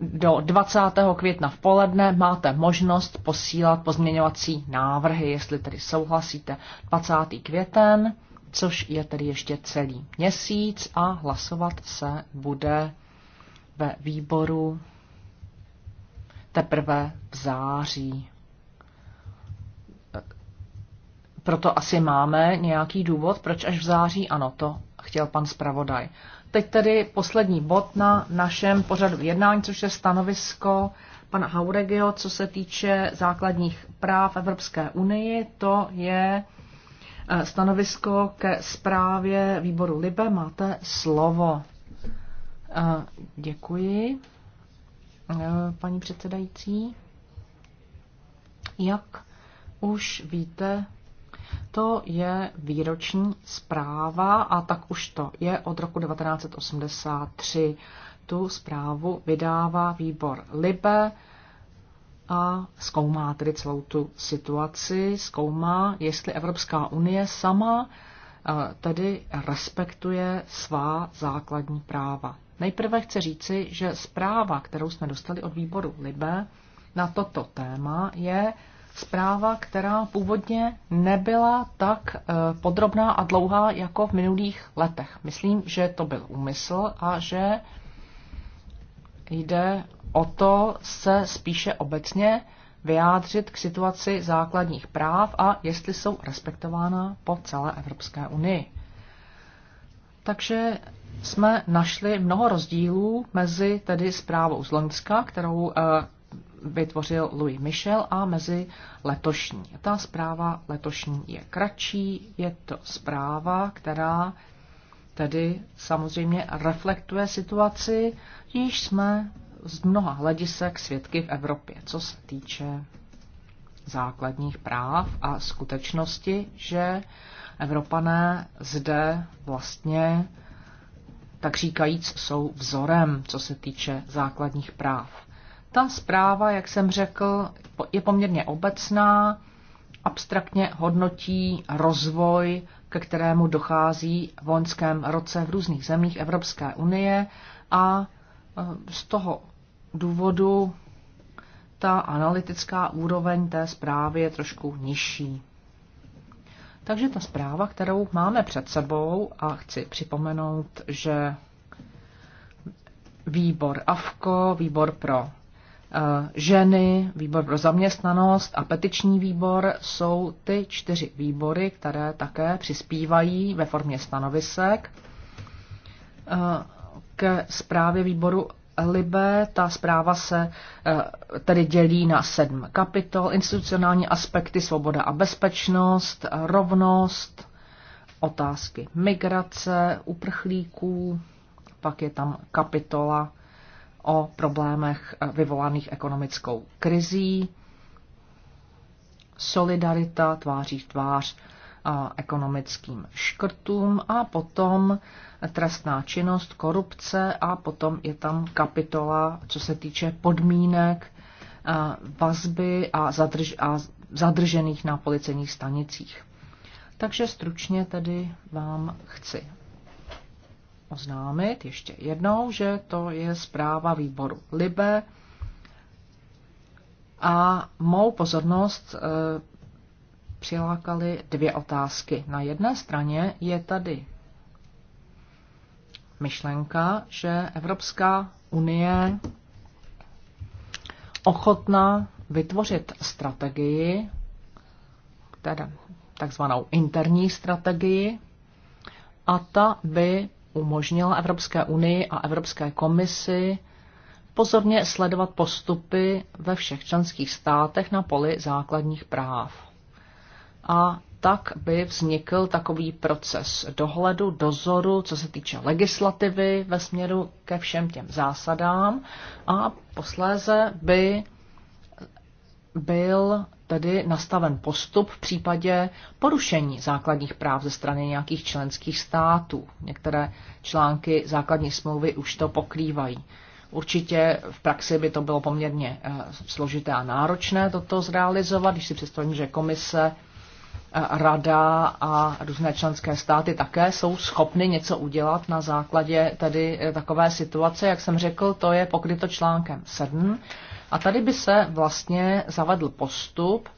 do 20. května v poledne máte možnost posílat pozměňovací návrhy, jestli tedy souhlasíte 20. květen, což je tedy ještě celý měsíc a hlasovat se bude ve výboru teprve v září. Proto asi máme nějaký důvod, proč až v září, ano, to chtěl pan zpravodaj. Teď tedy poslední bod na našem pořadu jednání, což je stanovisko pana Hauregio, co se týče základních práv Evropské unii. To je eh, stanovisko ke zprávě výboru Libe. Máte slovo. Eh, děkuji, eh, paní předsedající. Jak už víte, to je výroční zpráva a tak už to je od roku 1983. Tu zprávu vydává výbor Libe a zkoumá tedy celou tu situaci, zkoumá, jestli Evropská unie sama eh, tedy respektuje svá základní práva. Nejprve chci říci, že zpráva, kterou jsme dostali od výboru Libe na toto téma, je zpráva, která původně nebyla tak eh, podrobná a dlouhá jako v minulých letech. Myslím, že to byl úmysl a že jde o to se spíše obecně vyjádřit k situaci základních práv a jestli jsou respektována po celé Evropské unii. Takže jsme našli mnoho rozdílů mezi tedy zprávou z Loňska, kterou eh, vytvořil Louis Michel a mezi letošní. Ta zpráva letošní je kratší, je to zpráva, která tedy samozřejmě reflektuje situaci, již jsme z mnoha hledisek svědky v Evropě, co se týče základních práv a skutečnosti, že Evropané zde vlastně tak říkajíc jsou vzorem, co se týče základních práv. Ta zpráva, jak jsem řekl, je poměrně obecná, abstraktně hodnotí rozvoj, ke kterému dochází v loňském roce v různých zemích Evropské unie a e, z toho důvodu ta analytická úroveň té zprávy je trošku nižší. Takže ta zpráva, kterou máme před sebou, a chci připomenout, že výbor AFKO, výbor pro Eh, ženy, výbor pro zaměstnanost a petiční výbor jsou ty čtyři výbory, které také přispívají ve formě stanovisek eh, ke zprávě výboru Libe. Ta zpráva se eh, tedy dělí na sedm kapitol. Institucionální aspekty, svoboda a bezpečnost, rovnost, otázky migrace, uprchlíků, pak je tam kapitola o problémech eh, vyvolaných ekonomickou krizí. Solidarita tváří v tvář eh, ekonomickým škrtům a potom trestná činnost, korupce a potom je tam kapitola, co se týče podmínek, eh, vazby a, zadrž, a zadržených na policejních stanicích. Takže stručně tedy vám chci oznámit ještě jednou, že to je zpráva výboru Libe a mou pozornost e, eh, přilákaly dvě otázky. Na jedné straně je tady myšlenka, že Evropská unie ochotná vytvořit strategii, takzvanou interní strategii, a ta by umožnila Evropské unii a Evropské komisi pozorně sledovat postupy ve všech členských státech na poli základních práv. A tak by vznikl takový proces dohledu, dozoru, co se týče legislativy ve směru ke všem těm zásadám a posléze by byl tedy nastaven postup v případě porušení základních práv ze strany nějakých členských států. Některé články základní smlouvy už to pokrývají. Určitě v praxi by to bylo poměrně eh, složité a náročné toto zrealizovat, když si představím, že komise rada a různé členské státy také jsou schopny něco udělat na základě tady eh, takové situace. Jak jsem řekl, to je pokryto článkem 7. A tady by se vlastně zavedl postup,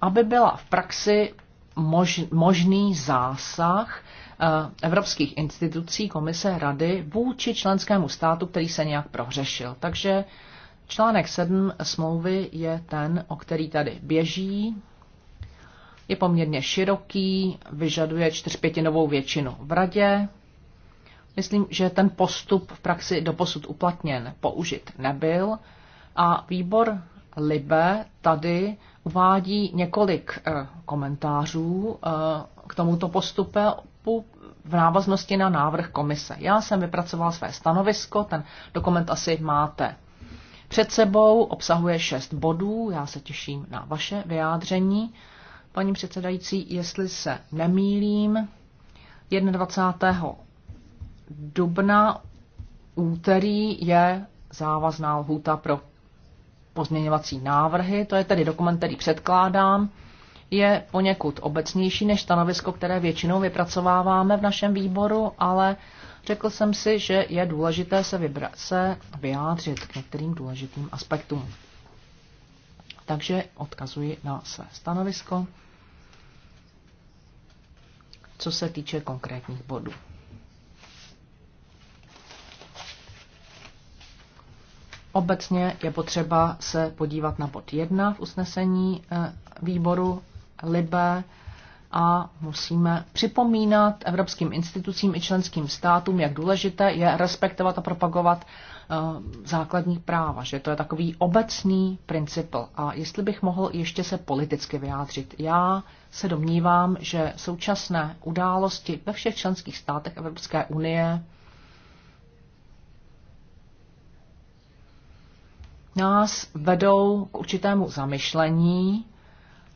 aby byla v praxi mož, možný zásah eh, evropských institucí, komise, rady vůči členskému státu, který se nějak prohřešil. Takže článek 7 smlouvy je ten, o který tady běží je poměrně široký, vyžaduje čtyřpětinovou většinu v radě. Myslím, že ten postup v praxi doposud uplatněn použit nebyl a výbor Libe tady uvádí několik eh, komentářů eh, k tomuto postupu v návaznosti na návrh komise. Já jsem vypracoval své stanovisko, ten dokument asi máte před sebou, obsahuje šest bodů, já se těším na vaše vyjádření Paní předsedající, jestli se nemýlím, 21. dubna úterý je závazná lhůta pro pozměňovací návrhy, to je tedy dokument, který předkládám, je poněkud obecnější než stanovisko, které většinou vypracováváme v našem výboru, ale řekl jsem si, že je důležité se, vybra- se vyjádřit k některým důležitým aspektům. Takže odkazuji na své stanovisko, co se týče konkrétních bodů. Obecně je potřeba se podívat na bod 1 v usnesení eh, výboru Libe a musíme připomínat evropským institucím i členským státům, jak důležité je respektovat a propagovat Eh, základní práva, že to je takový obecný princip. A jestli bych mohl ještě se politicky vyjádřit, já se domnívám, že současné události ve všech členských státech Evropské unie nás vedou k určitému zamyšlení,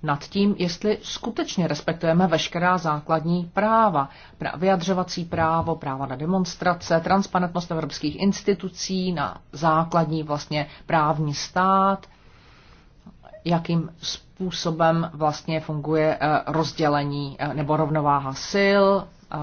nad tím, jestli skutečně respektujeme veškerá základní práva. Pra- vyjadřovací právo, práva na demonstrace, transparentnost evropských institucí, na základní vlastně právní stát, jakým způsobem vlastně funguje eh, rozdělení eh, nebo rovnováha sil, eh,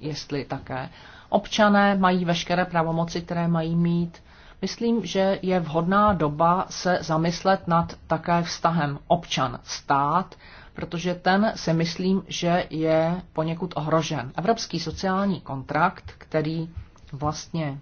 jestli také občané mají veškeré pravomoci, které mají mít, Myslím, že je vhodná doba se zamyslet nad také vztahem občan-stát, protože ten si myslím, že je poněkud ohrožen. Evropský sociální kontrakt, který vlastně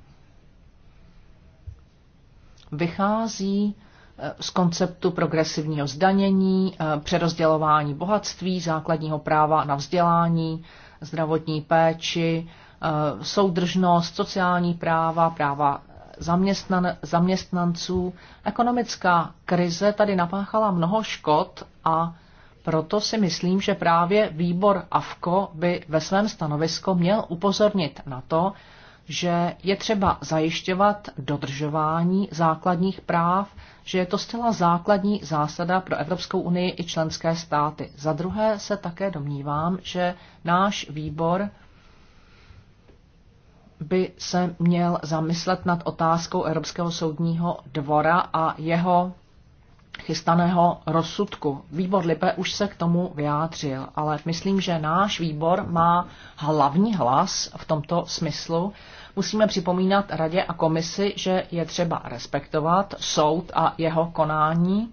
vychází eh, z konceptu progresivního zdanění, eh, přerozdělování bohatství, základního práva na vzdělání, zdravotní péči, eh, soudržnost, sociální práva, práva zaměstnan, zaměstnanců. Ekonomická krize tady napáchala mnoho škod a proto si myslím, že právě výbor AFKO by ve svém stanovisku měl upozornit na to, že je třeba zajišťovat dodržování základních práv, že je to zcela základní zásada pro Evropskou unii i členské státy. Za druhé se také domnívám, že náš výbor by se měl zamyslet nad otázkou Evropského soudního dvora a jeho chystaného rozsudku. Výbor Libe už se k tomu vyjádřil, ale myslím, že náš výbor má hlavní hlas v tomto smyslu. Musíme připomínat radě a komisi, že je třeba respektovat soud a jeho konání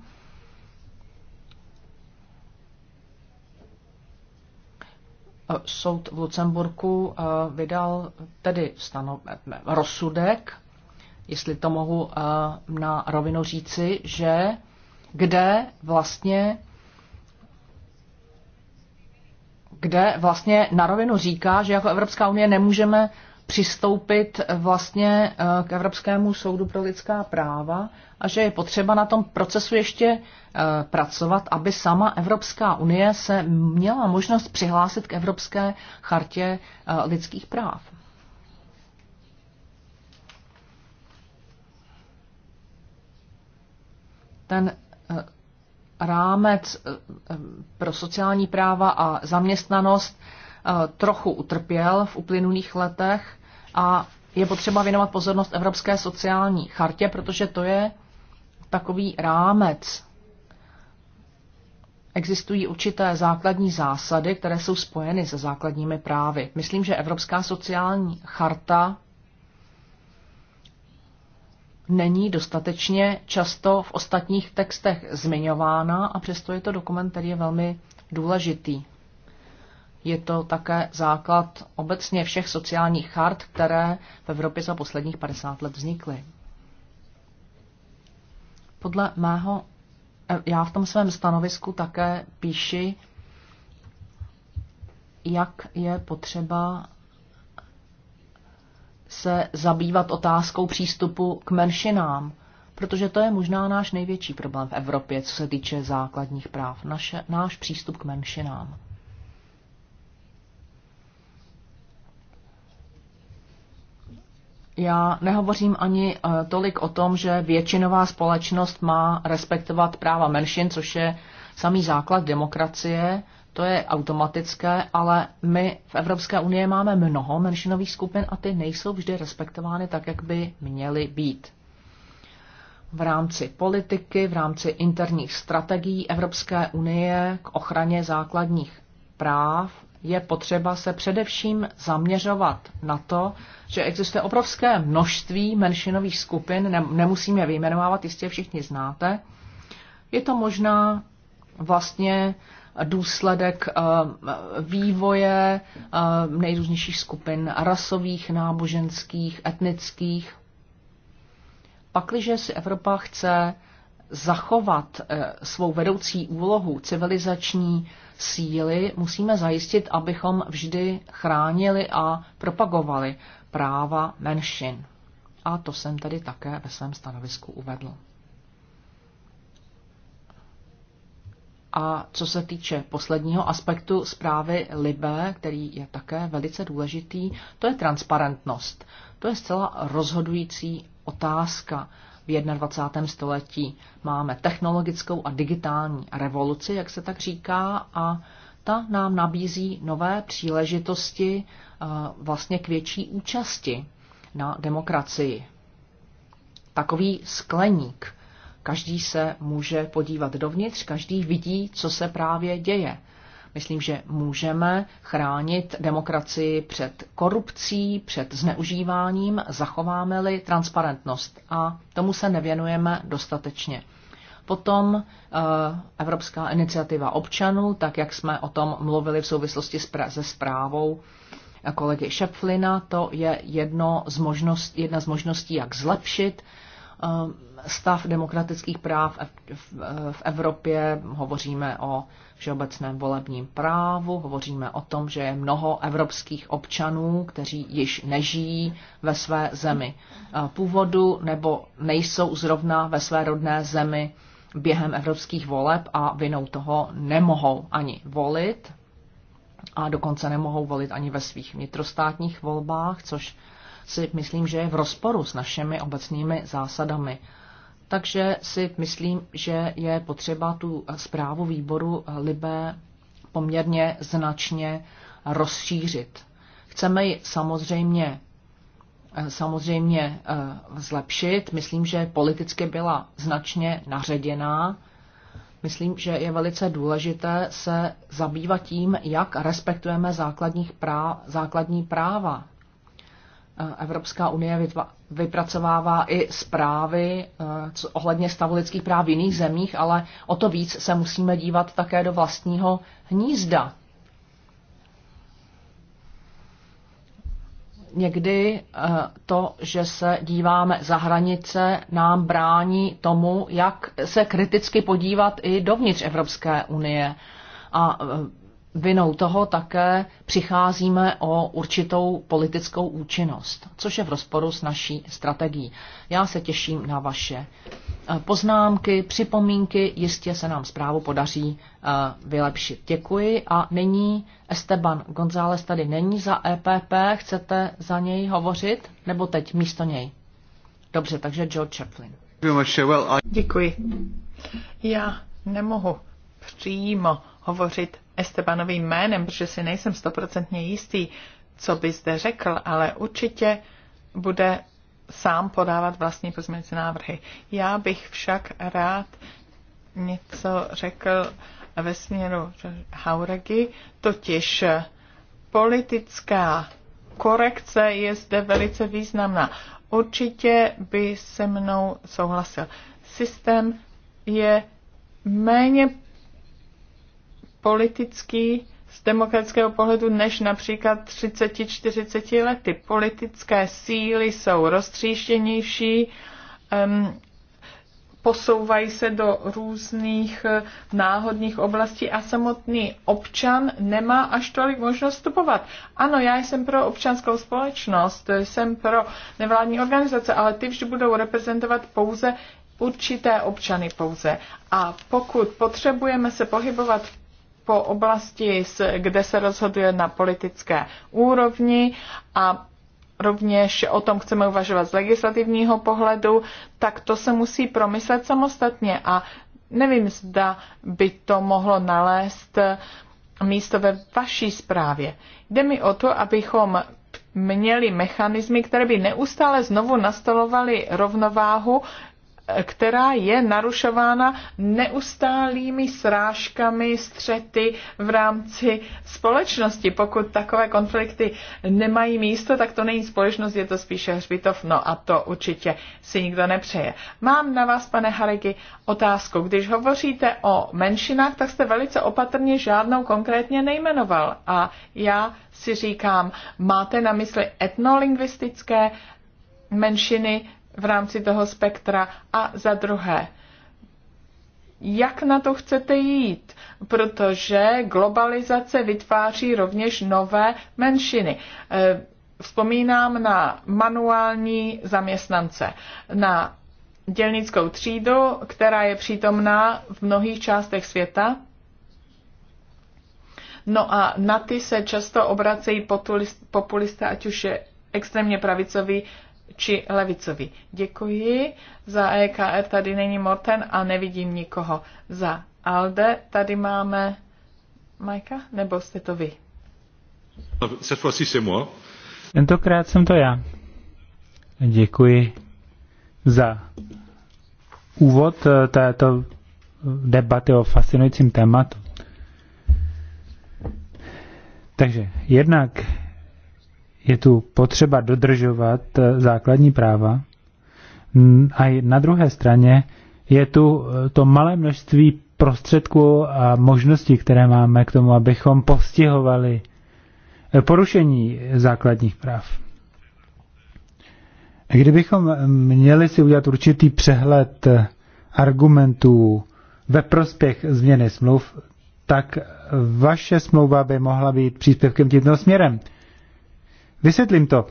soud v Lucemburku eh, vydal tedy stanov, rozsudek, jestli to mohu eh, na rovinu říci, že kde vlastně kde vlastně na rovinu říká, že jako Evropská unie nemůžeme přistoupit vlastně eh, k Evropskému soudu pro lidská práva a že je potřeba na tom procesu ještě eh, pracovat, aby sama Evropská unie se měla možnost přihlásit k Evropské chartě eh, lidských práv. Ten rámec pro sociální práva a zaměstnanost Eh, trochu utrpěl v uplynulých letech a je potřeba věnovat pozornost Evropské sociální chartě, protože to je takový rámec. Existují určité základní zásady, které jsou spojeny se základními právy. Myslím, že Evropská sociální charta není dostatečně často v ostatních textech zmiňována a přesto je to dokument, který je velmi důležitý. Je to také základ obecně všech sociálních chart, které v Evropě za posledních 50 let vznikly. Podle mého, eh, já v tom svém stanovisku také píši, jak je potřeba se zabývat otázkou přístupu k menšinám, protože to je možná náš největší problém v Evropě, co se týče základních práv, naše, náš přístup k menšinám. Já nehovořím ani eh, tolik o tom, že většinová společnost má respektovat práva menšin, což je samý základ demokracie, to je automatické, ale my v Evropské unii máme mnoho menšinových skupin a ty nejsou vždy respektovány tak, jak by měly být. V rámci politiky, v rámci interních strategií Evropské unie k ochraně základních práv je potřeba se především zaměřovat na to, že existuje obrovské množství menšinových skupin, nemusím je vyjmenovávat, jistě všichni znáte. Je to možná vlastně důsledek eh, vývoje eh, nejrůznějších skupin rasových, náboženských, etnických. Pakliže si Evropa chce zachovat eh, svou vedoucí úlohu civilizační síly musíme zajistit, abychom vždy chránili a propagovali práva menšin. A to jsem tedy také ve svém stanovisku uvedl. A co se týče posledního aspektu zprávy Libe, který je také velice důležitý, to je transparentnost. To je zcela rozhodující otázka v 21. století. Máme technologickou a digitální revoluci, jak se tak říká, a ta nám nabízí nové příležitosti eh, vlastně k větší účasti na demokracii. Takový skleník. Každý se může podívat dovnitř, každý vidí, co se právě děje. Myslím, že můžeme chránit demokracii před korupcí, před zneužíváním, zachováme-li transparentnost a tomu se nevěnujeme dostatečně. Potom eh, Evropská iniciativa občanů, tak jak jsme o tom mluvili v souvislosti se zprávou kolegy Šepflina, to je jedno z možností, jedna z možností, jak zlepšit Ehm, stav demokratických práv v Evropě, hovoříme o všeobecném volebním právu, hovoříme o tom, že je mnoho evropských občanů, kteří již nežijí ve své zemi eh, původu nebo nejsou zrovna ve své rodné zemi během evropských voleb a vinou toho nemohou ani volit a dokonce nemohou volit ani ve svých vnitrostátních volbách, což si myslím, že je v rozporu s našimi obecnými zásadami. Takže si myslím, že je potřeba tu zprávu výboru Libé poměrně značně rozšířit. Chceme ji samozřejmě samozřejmě eh, zlepšit. Myslím, že politicky byla značně naředěná. Myslím, že je velice důležité se zabývat tím, jak respektujeme základních práv, základní práva Eh, Evropská unie vypracovává i zprávy eh, ohledně stavu lidských práv v jiných zemích, ale o to víc se musíme dívat také do vlastního hnízda. Někdy eh, to, že se díváme za hranice, nám brání tomu, jak se kriticky podívat i dovnitř Evropské unie. A vinou toho také přicházíme o určitou politickou účinnost, což je v rozporu s naší strategií. Já se těším na vaše eh, poznámky, připomínky, jistě se nám zprávu podaří eh, vylepšit. Děkuji a nyní Esteban González tady není za EPP, chcete za něj hovořit nebo teď místo něj? Dobře, takže Joe Chaplin. Děkuji. Já nemohu přímo hovořit Estebanovým jménem, protože si nejsem stoprocentně jistý, co by zde řekl, ale určitě bude sám podávat vlastní pozměňující návrhy. Já bych však rád něco řekl ve směru Hauregy, totiž politická korekce je zde velice významná. Určitě by se mnou souhlasil. Systém je méně politický z demokratického pohledu než například 30-40 lety. Politické síly jsou roztříštěnější, um, posouvají se do různých eh, náhodných oblastí a samotný občan nemá až tolik možnost vstupovat. Ano, já jsem pro občanskou společnost, jsem pro nevládní organizace, ale ty vždy budou reprezentovat pouze určité občany pouze. A pokud potřebujeme se pohybovat po oblasti, kde se rozhoduje na politické úrovni a rovněž o tom chceme uvažovat z legislativního pohledu, tak to se musí promyslet samostatně a nevím, zda by to mohlo nalézt místo ve vaší zprávě. Jde mi o to, abychom měli mechanismy, které by neustále znovu nastalovaly rovnováhu která je narušována neustálými srážkami, střety v rámci společnosti. Pokud takové konflikty nemají místo, tak to není společnost, je to spíše hřbitov. No a to určitě si nikdo nepřeje. Mám na vás, pane Hareky, otázku. Když hovoříte o menšinách, tak jste velice opatrně žádnou konkrétně nejmenoval. A já si říkám, máte na mysli etnolingvistické menšiny v rámci toho spektra a za druhé, jak na to chcete jít, protože globalizace vytváří rovněž nové menšiny. E, vzpomínám na manuální zaměstnance, na dělnickou třídu, která je přítomná v mnohých částech světa. No a na ty se často obracejí populisté, ať už je extrémně pravicoví či levicovi. Děkuji. Za EKR tady není Morten a nevidím nikoho. Za ALDE tady máme Majka, nebo jste to vy? Tentokrát jsem to já. Děkuji za úvod eh, této debaty o fascinujícím tématu. Takže jednak je tu potřeba dodržovat eh, základní práva a na druhé straně je tu eh, to malé množství prostředků a možností, které máme k tomu, abychom postihovali eh, porušení základních práv. Kdybychom měli si udělat určitý přehled argumentů ve prospěch změny smluv, tak vaše smlouva by mohla být příspěvkem tímto směrem. Vysvětlím to.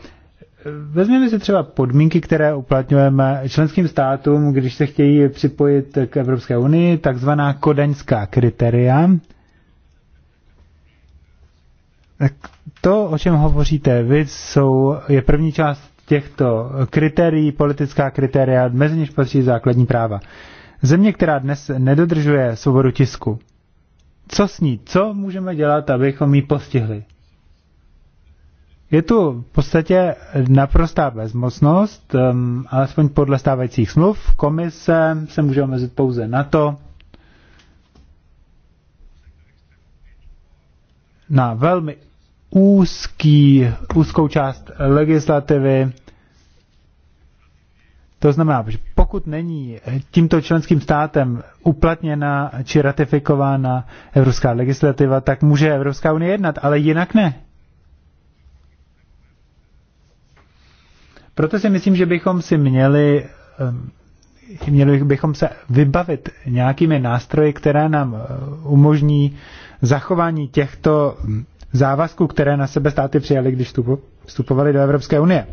Vezměme si třeba podmínky, které uplatňujeme členským státům, když se chtějí připojit k Evropské unii, takzvaná kodaňská kritéria. Tak to, o čem hovoříte vy, jsou, je první část těchto kritérií, politická kritéria, mezi něž patří základní práva. Země, která dnes nedodržuje svobodu tisku, co s ní, co můžeme dělat, abychom ji postihli? Je tu v podstatě naprostá bezmocnost, um, alespoň podle stávajících smluv. Komise se může omezit pouze na to, na velmi úzký, úzkou část legislativy. To znamená, že pokud není tímto členským státem uplatněna či ratifikována evropská legislativa, tak může Evropská unie jednat, ale jinak ne. Proto si myslím, že bychom si měli, měli bychom se vybavit nějakými nástroji, které nám eh, umožní zachování těchto mm, závazků, které na sebe státy přijali, když vstupovali do Evropské unie.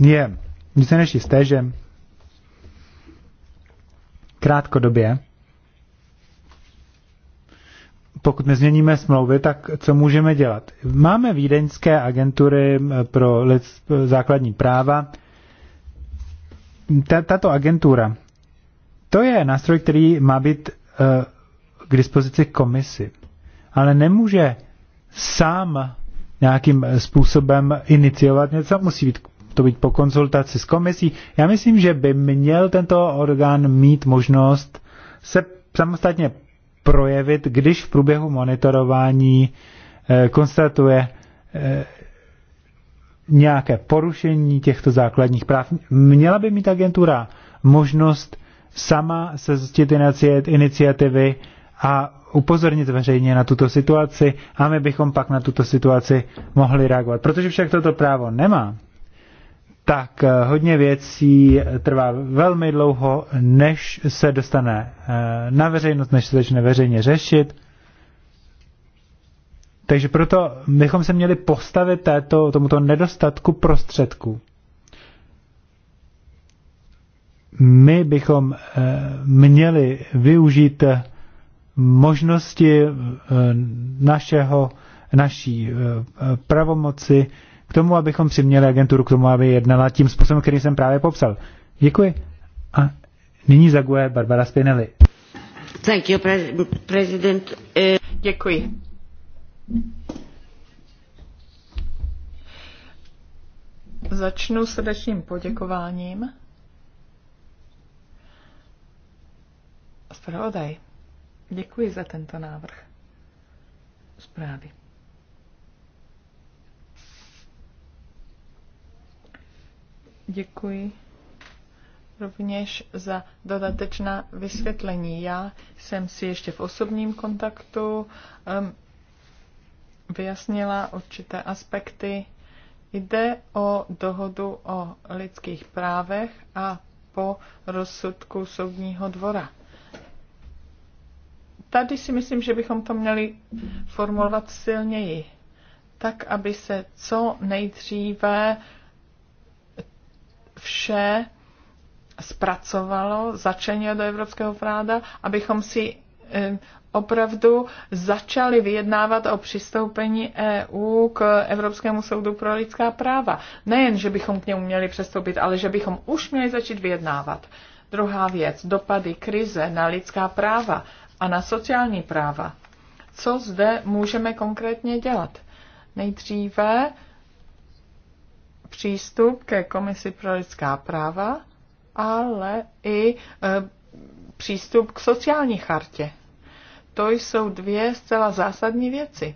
Je nic než jisté, že krátkodobě pokud nezměníme smlouvy, tak co můžeme dělat? Máme vídeňské agentury pro lid, základní práva. Tato agentura, to je nástroj, který má být e, k dispozici komisi, ale nemůže sám nějakým způsobem iniciovat něco, musí být to být po konzultaci s komisí. Já myslím, že by měl tento orgán mít možnost se samostatně projevit, když v průběhu monitorování eh, konstatuje eh, nějaké porušení těchto základních práv. Měla by mít agentura možnost sama se zjistit iniciativy a upozornit veřejně na tuto situaci a my bychom pak na tuto situaci mohli reagovat. Protože však toto právo nemá, tak eh, hodně věcí trvá velmi dlouho, než se dostane eh, na veřejnost, než se začne veřejně řešit. Takže proto bychom se měli postavit této, tomuto nedostatku prostředků. My bychom eh, měli využít možnosti našeho, naší pravomoci, k tomu, abychom přiměli agenturu k tomu, aby jednala tím způsobem, který jsem právě popsal. Děkuji. A nyní zaguje Barbara Spinelli. Thank you, pre- president. Eh, děkuji. Začnu srdečným poděkováním. Spravodaj, děkuji za tento návrh zprávy. Děkuji rovněž za dodatečná vysvětlení. Já jsem si ještě v osobním kontaktu um, vyjasnila určité aspekty. Jde o dohodu o lidských právech a po rozsudku soudního dvora. Tady si myslím, že bychom to měli formulovat silněji, tak aby se co nejdříve vše zpracovalo, začlenilo do evropského práva, abychom si eh, opravdu začali vyjednávat o přistoupení EU k Evropskému soudu pro lidská práva. Nejen, že bychom k němu měli přestoupit, ale že bychom už měli začít vyjednávat. Druhá věc, dopady krize na lidská práva a na sociální práva. Co zde můžeme konkrétně dělat? Nejdříve přístup ke Komisi pro lidská práva, ale i e, přístup k sociální chartě. To jsou dvě zcela zásadní věci.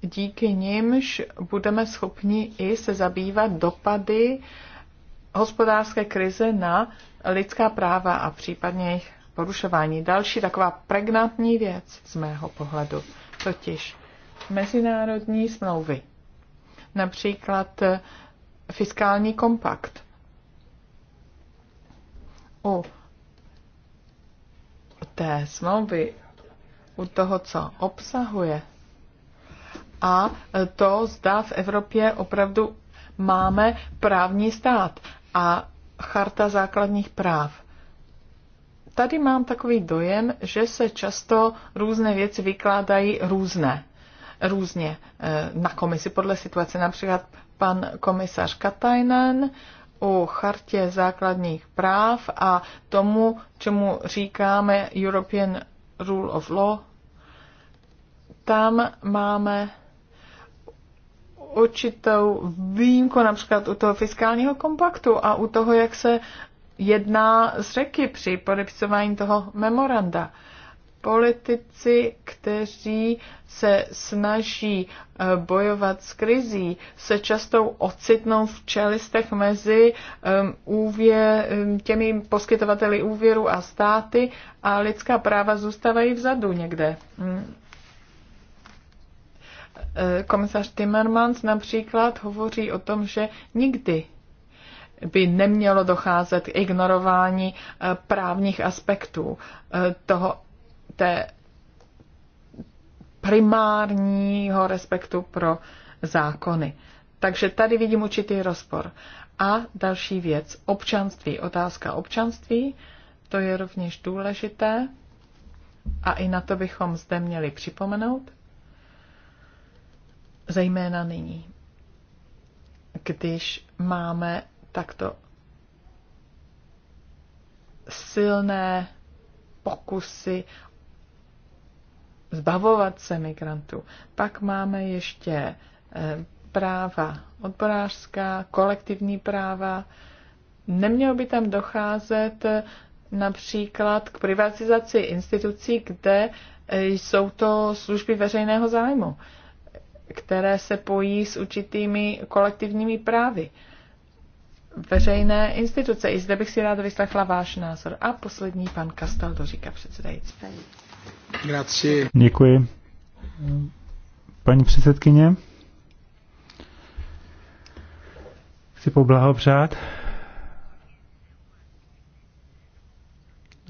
Díky nimž budeme schopni i se zabývat dopady hospodářské krize na lidská práva a případně jejich porušování. Další taková pregnantní věc z mého pohledu, totiž mezinárodní smlouvy například eh, fiskální kompakt. U té smlouvy, u toho, co obsahuje, a to zdá v Evropě opravdu máme právní stát a charta základních práv. Tady mám takový dojem, že se často různé věci vykládají různé různě eh, na komisi podle situace. Například pan komisař Katajnen o chartě základních práv a tomu, čemu říkáme European Rule of Law, tam máme určitou výjimku například u toho fiskálního kompaktu a u toho, jak se jedná z řeky při podepisování toho memoranda politici, kteří se snaží eh, bojovat s krizí, se často ocitnou v čelistech mezi úvě, těmi poskytovateli úvěru a státy a lidská práva zůstávají vzadu někde. Mm. Eh, komisař Timmermans například hovoří o tom, že nikdy by nemělo docházet k ignorování eh, právních aspektů toho té primárního respektu pro zákony. Takže tady vidím určitý rozpor. A další věc, občanství, otázka občanství, to je rovněž důležité a i na to bychom zde měli připomenout, zejména nyní, když máme takto silné pokusy zbavovat se migrantů. Pak máme ještě eh, práva odborářská, kolektivní práva. Nemělo by tam docházet eh, například k privatizaci institucí, kde eh, jsou to služby veřejného zájmu, které se pojí s určitými kolektivními právy. Veřejné instituce. I zde bych si ráda vyslechla váš názor. A poslední pan Kastaldo říká předsedající. Grazie. Děkuji. Paní předsedkyně, chci poblahopřát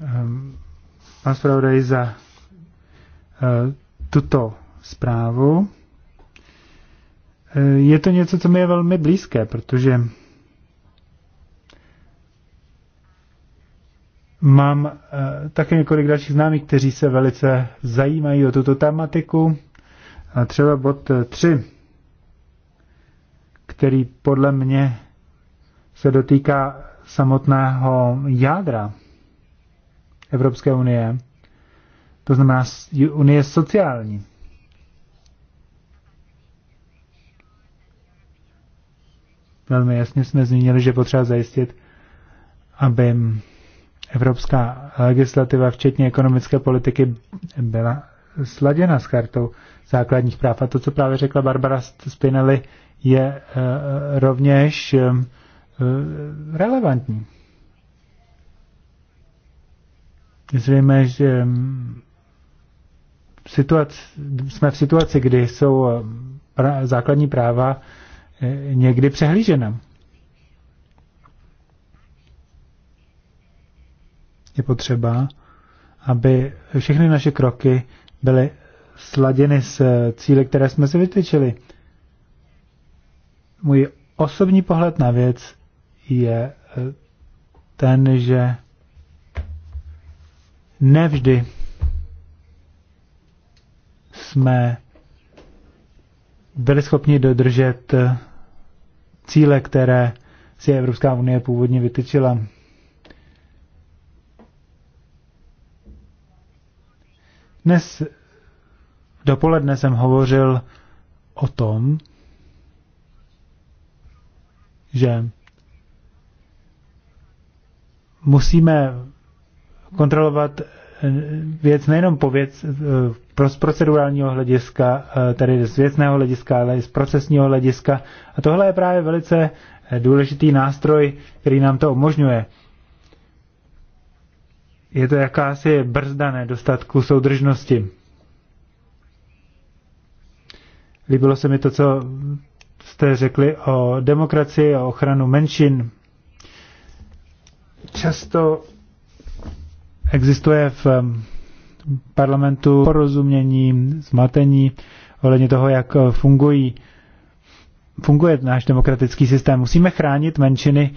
ehm, pan zpravodaj za eh, tuto zprávu. Eh, je to něco, co mi je velmi blízké, protože Mám eh, také několik dalších známých, kteří se velice zajímají o tuto tematiku. A třeba bod 3, eh, který podle mě se dotýká samotného jádra Evropské unie, to znamená unie sociální. Velmi jasně jsme zmínili, že potřeba zajistit, aby evropská legislativa, včetně ekonomické politiky, byla sladěna s kartou základních práv. A to, co právě řekla Barbara Spinelli, je eh, rovněž eh, relevantní. Zřejmě, že mm, situaci, jsme v situaci, kdy jsou eh, základní práva někdy přehlížena. je potřeba, aby všechny naše kroky byly sladěny s cíly, které jsme si vytyčili. Můj osobní pohled na věc je eh, ten, že nevždy jsme byli schopni dodržet cíle, které si Evropská unie původně vytyčila. Dnes dopoledne jsem hovořil o tom, že musíme kontrolovat eh, věc nejenom po věc, eh, z procedurálního hlediska, eh, tedy z věcného hlediska, ale i z procesního hlediska. A tohle je právě velice důležitý nástroj, který nám to umožňuje je to jakási brzda nedostatku soudržnosti. Líbilo se mi to, co jste řekli o demokracii a ochranu menšin. Často existuje v um, parlamentu porozumění, zmatení ohledně toho, jak uh, fungují, funguje náš demokratický systém. Musíme chránit menšiny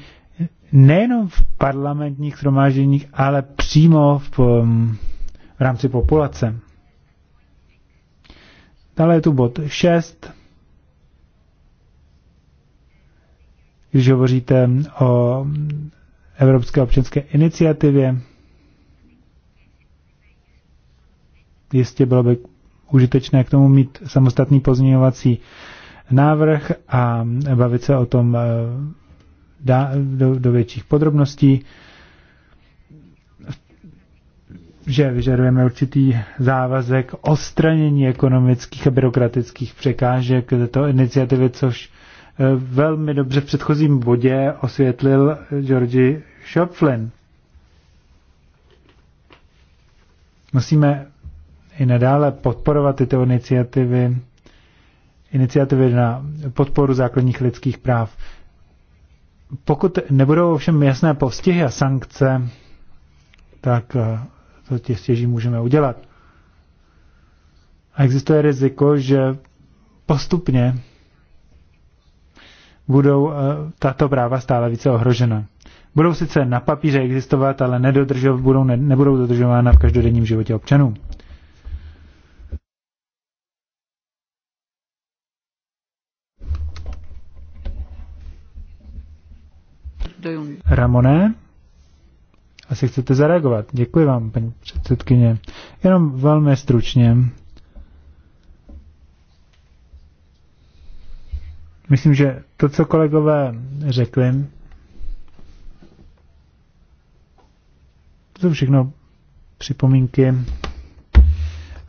nejenom v parlamentních shromážděních, ale přímo v, um, v rámci populace. Dále je tu bod 6. Když hovoříte o Evropské občanské iniciativě, jistě bylo by užitečné k tomu mít samostatný pozměňovací návrh a bavit se o tom eh, dá, do, do větších podrobností, že vyžadujeme určitý závazek ostranění ekonomických a byrokratických překážek této iniciativy, což eh, velmi dobře v předchozím bodě osvětlil Georgi Schopflin. Musíme i nadále podporovat tyto iniciativy, iniciativy na podporu základních lidských práv. Pokud nebudou ovšem jasné postihy a sankce, tak eh, to tě stěží můžeme udělat. A existuje riziko, že postupně budou eh, tato práva stále více ohrožena. Budou sice na papíře existovat, ale nedodržov, budou, ne, nebudou dodržována v každodenním životě občanů. Jung. Ramone, asi chcete zareagovat. Děkuji vám, paní předsedkyně. Jenom velmi stručně. Myslím, že to, co kolegové řekli, to jsou všechno připomínky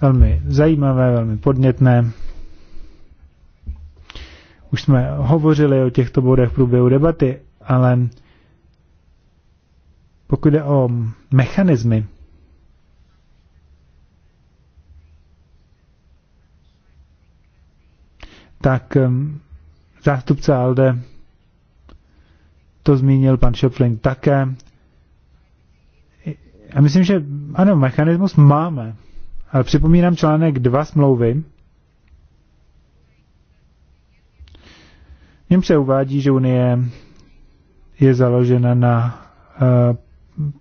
velmi zajímavé, velmi podnětné. Už jsme hovořili o těchto bodech v průběhu debaty, ale pokud jde o mechanismy, tak ehm, zástupce ALDE to zmínil pan Schöpfling také. A myslím, že ano, mechanismus máme, ale připomínám článek 2 smlouvy, v něm se uvádí, že Unie je založena na eh,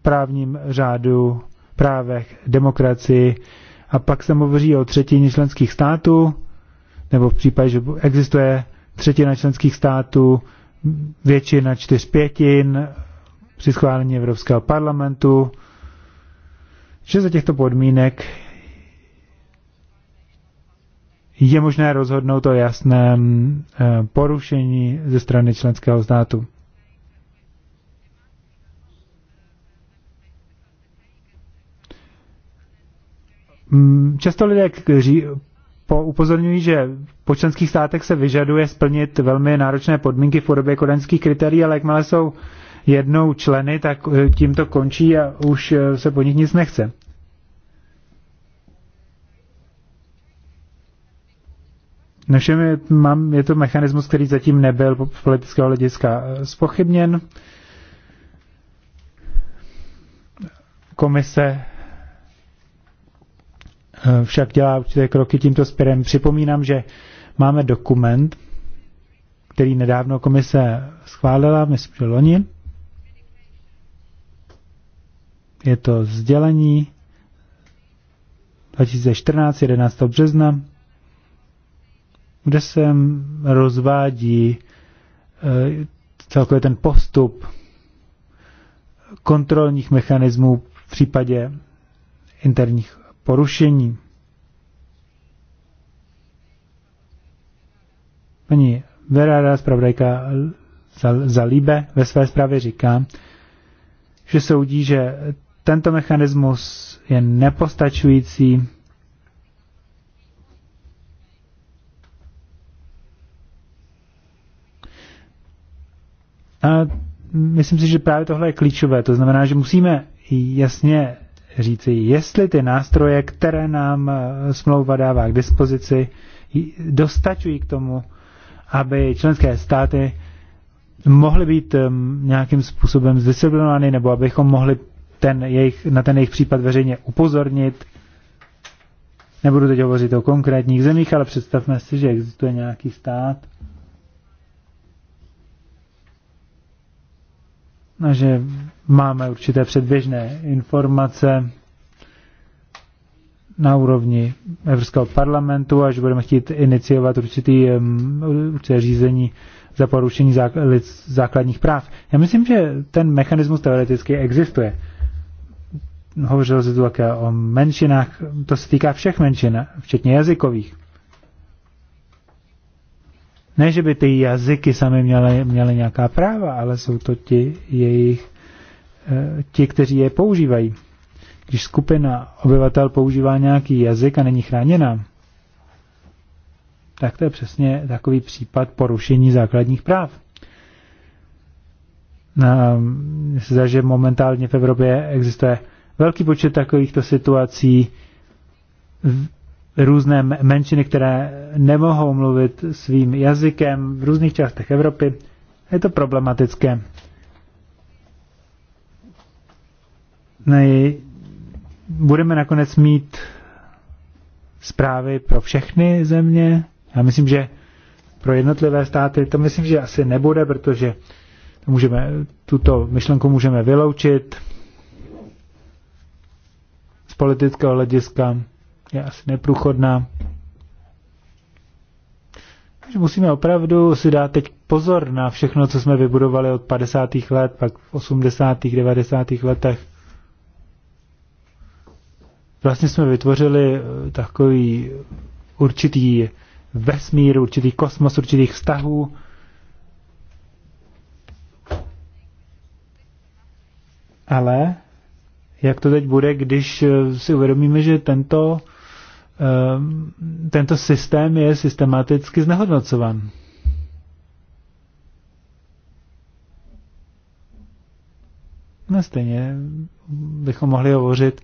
právním řádu, právech, demokracii. A pak se hovoří o třetině členských států, nebo v případě, že existuje třetina členských států, většina čtyř pětin při schválení Evropského parlamentu, že za těchto podmínek je možné rozhodnout o jasném eh, porušení ze strany členského státu. Mm, často lidé, kři, po, upozorňují, že po členských státech se vyžaduje splnit velmi náročné podmínky v podobě kodaňských kritérií, ale jakmile jsou jednou členy, tak eh, tím to končí a už eh, se po nich nic nechce. No všem je, mám, je to mechanismus, který zatím nebyl z politického hlediska spochybněn. Eh, Komise Eh, však dělá určité kroky tímto směrem. Připomínám, že máme dokument, který nedávno komise schválila, myslím, že loni. Je to sdělení 2014, 11. března, kde se rozvádí eh, celkově ten postup kontrolních mechanismů v případě interních porušení. Paní Verada, zpravodajka za, za Líbe, ve své zprávě říká, že soudí, že tento mechanismus je nepostačující. A myslím si, že právě tohle je klíčové. To znamená, že musíme jasně říci, jestli ty nástroje, které nám eh, smlouva dává k dispozici, dostačují k tomu, aby členské státy mohly být nějakým způsobem zdisciplinovány, nebo abychom mohli ten jejich, na ten jejich případ veřejně upozornit. Nebudu teď hovořit o konkrétních zemích, ale představme si, že existuje nějaký stát, no, že máme určité předběžné informace na úrovni Evropského parlamentu a že budeme chtít iniciovat určitý, určité řízení za porušení základních práv. Já myslím, že ten mechanismus teoreticky existuje. Hovořilo se tu také o menšinách, to se týká všech menšin, včetně jazykových. Ne, že by ty jazyky sami měly, měly nějaká práva, ale jsou to ti jejich, eh, ti, kteří je používají. Když skupina obyvatel používá nějaký jazyk a není chráněna, tak to je přesně takový případ porušení základních práv. Zdá, že momentálně v Evropě existuje velký počet takovýchto situací různé menšiny, které nemohou mluvit svým jazykem v různých částech Evropy. Je to problematické. No budeme nakonec mít zprávy pro všechny země. Já myslím, že pro jednotlivé státy to myslím, že asi nebude, protože to můžeme, tuto myšlenku můžeme vyloučit z politického hlediska je asi neprůchodná. Takže musíme opravdu si dát teď pozor na všechno, co jsme vybudovali od 50. let, pak v 80. 90. letech. Vlastně jsme vytvořili eh, takový určitý vesmír, určitý kosmos, určitých vztahů. Ale jak to teď bude, když eh, si uvědomíme, že tento Ehm, tento systém je systematicky znehodnocovan. No stejně bychom mohli hovořit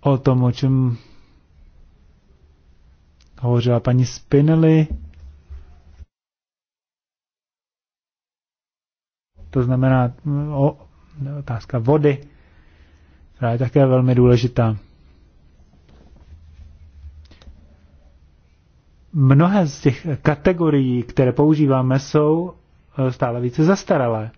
o tom, o čem hovořila paní Spinelli. To znamená no, o, otázka vody, která je také velmi důležitá. mnohé z těch kategorií, které používáme, jsou eh, stále více zastaralé.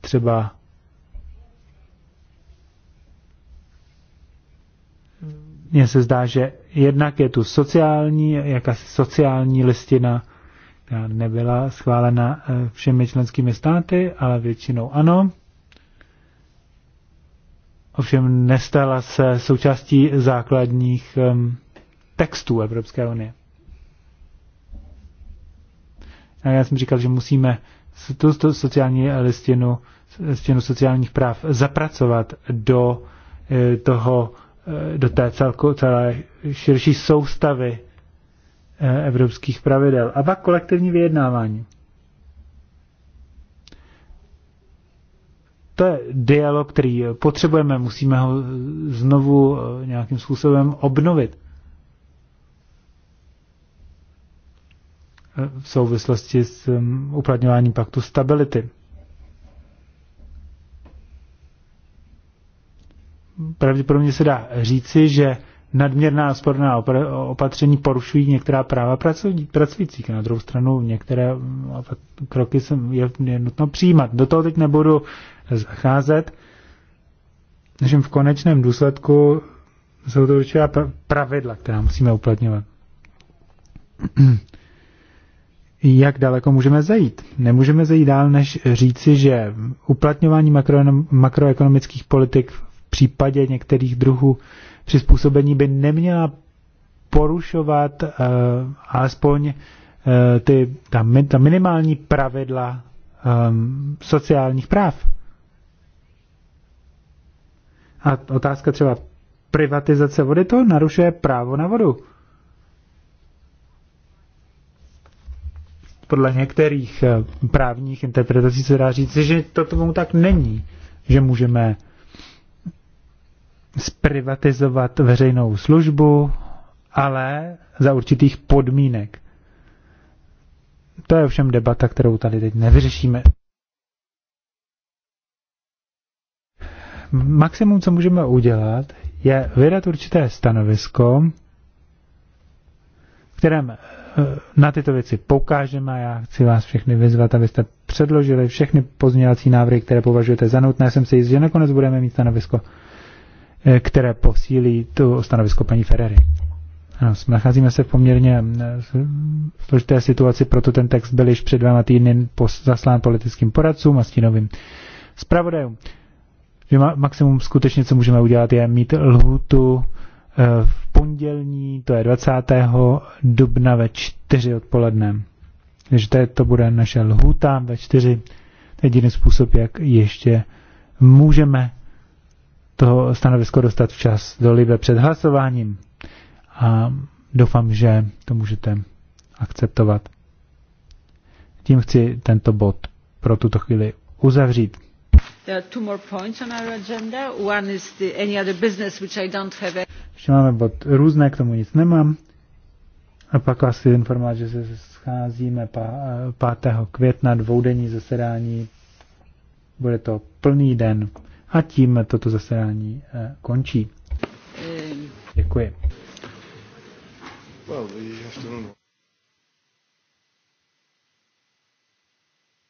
Třeba mně se zdá, že jednak je tu sociální, jakási sociální listina, která nebyla schválena eh, všemi členskými státy, ale většinou ano. Ovšem nestala se součástí základních textů Evropské unie. A já jsem říkal, že musíme tu, tu sociální listinu, listinu sociálních práv zapracovat do eh, toho, eh, do té celko, celé širší soustavy Eh, evropských pravidel. A pak kolektivní vyjednávání. To je dialog, který potřebujeme, musíme ho znovu eh, nějakým způsobem obnovit. Eh, v souvislosti s mm, uplatňováním paktu stability. Pravděpodobně se dá říci, že nadměrná sporná opatření porušují některá práva pracujících. Na druhou stranu některé mm, kroky je, je nutno přijímat. Do toho teď nebudu zacházet, že v konečném důsledku jsou to určitá pravidla, která musíme uplatňovat. *clears throat* Jak daleko můžeme zajít? Nemůžeme zajít dál, než říci, že uplatňování makro, makroekonomických politik v případě některých druhů přizpůsobení by neměla porušovat uh, alespoň uh, ty, ta, ta minimální pravidla um, sociálních práv. A otázka třeba privatizace vody, to narušuje právo na vodu. Podle některých eh, právních interpretací se dá říct, že to tomu tak není, že můžeme zprivatizovat veřejnou službu, ale za určitých podmínek. To je ovšem debata, kterou tady teď nevyřešíme. Maximum, co můžeme udělat, je vydat určité stanovisko, kterém eh, na tyto věci poukážeme a já chci vás všechny vyzvat, abyste předložili všechny pozměňovací návrhy, které považujete za nutné. Jsem si jist, že nakonec budeme mít stanovisko, Eh, které posílí tu stanovisko paní Ferrery. Ano, nacházíme se v poměrně eh, složité situaci, proto ten text byl již před dvěma týdny zaslán politickým poradcům a stínovým zpravodajům. Že maximum skutečně, co můžeme udělat, je mít lhutu eh, v pondělní, to je 20. dubna ve 4 odpoledne. Takže to, to bude naše lhuta ve 4. To je jediný způsob, jak ještě můžeme to stanovisko dostat včas do Libe před hlasováním. A doufám, že to můžete akceptovat. Tím chci tento bod pro tuto chvíli uzavřít. Ještě máme bod různé, k tomu nic nemám. A pak vás chci informovat, že se scházíme 5. Eh, května dvoudenní zasedání. Bude to plný den. A tím toto zasedání eh, končí. Ehm. Děkuji. Well,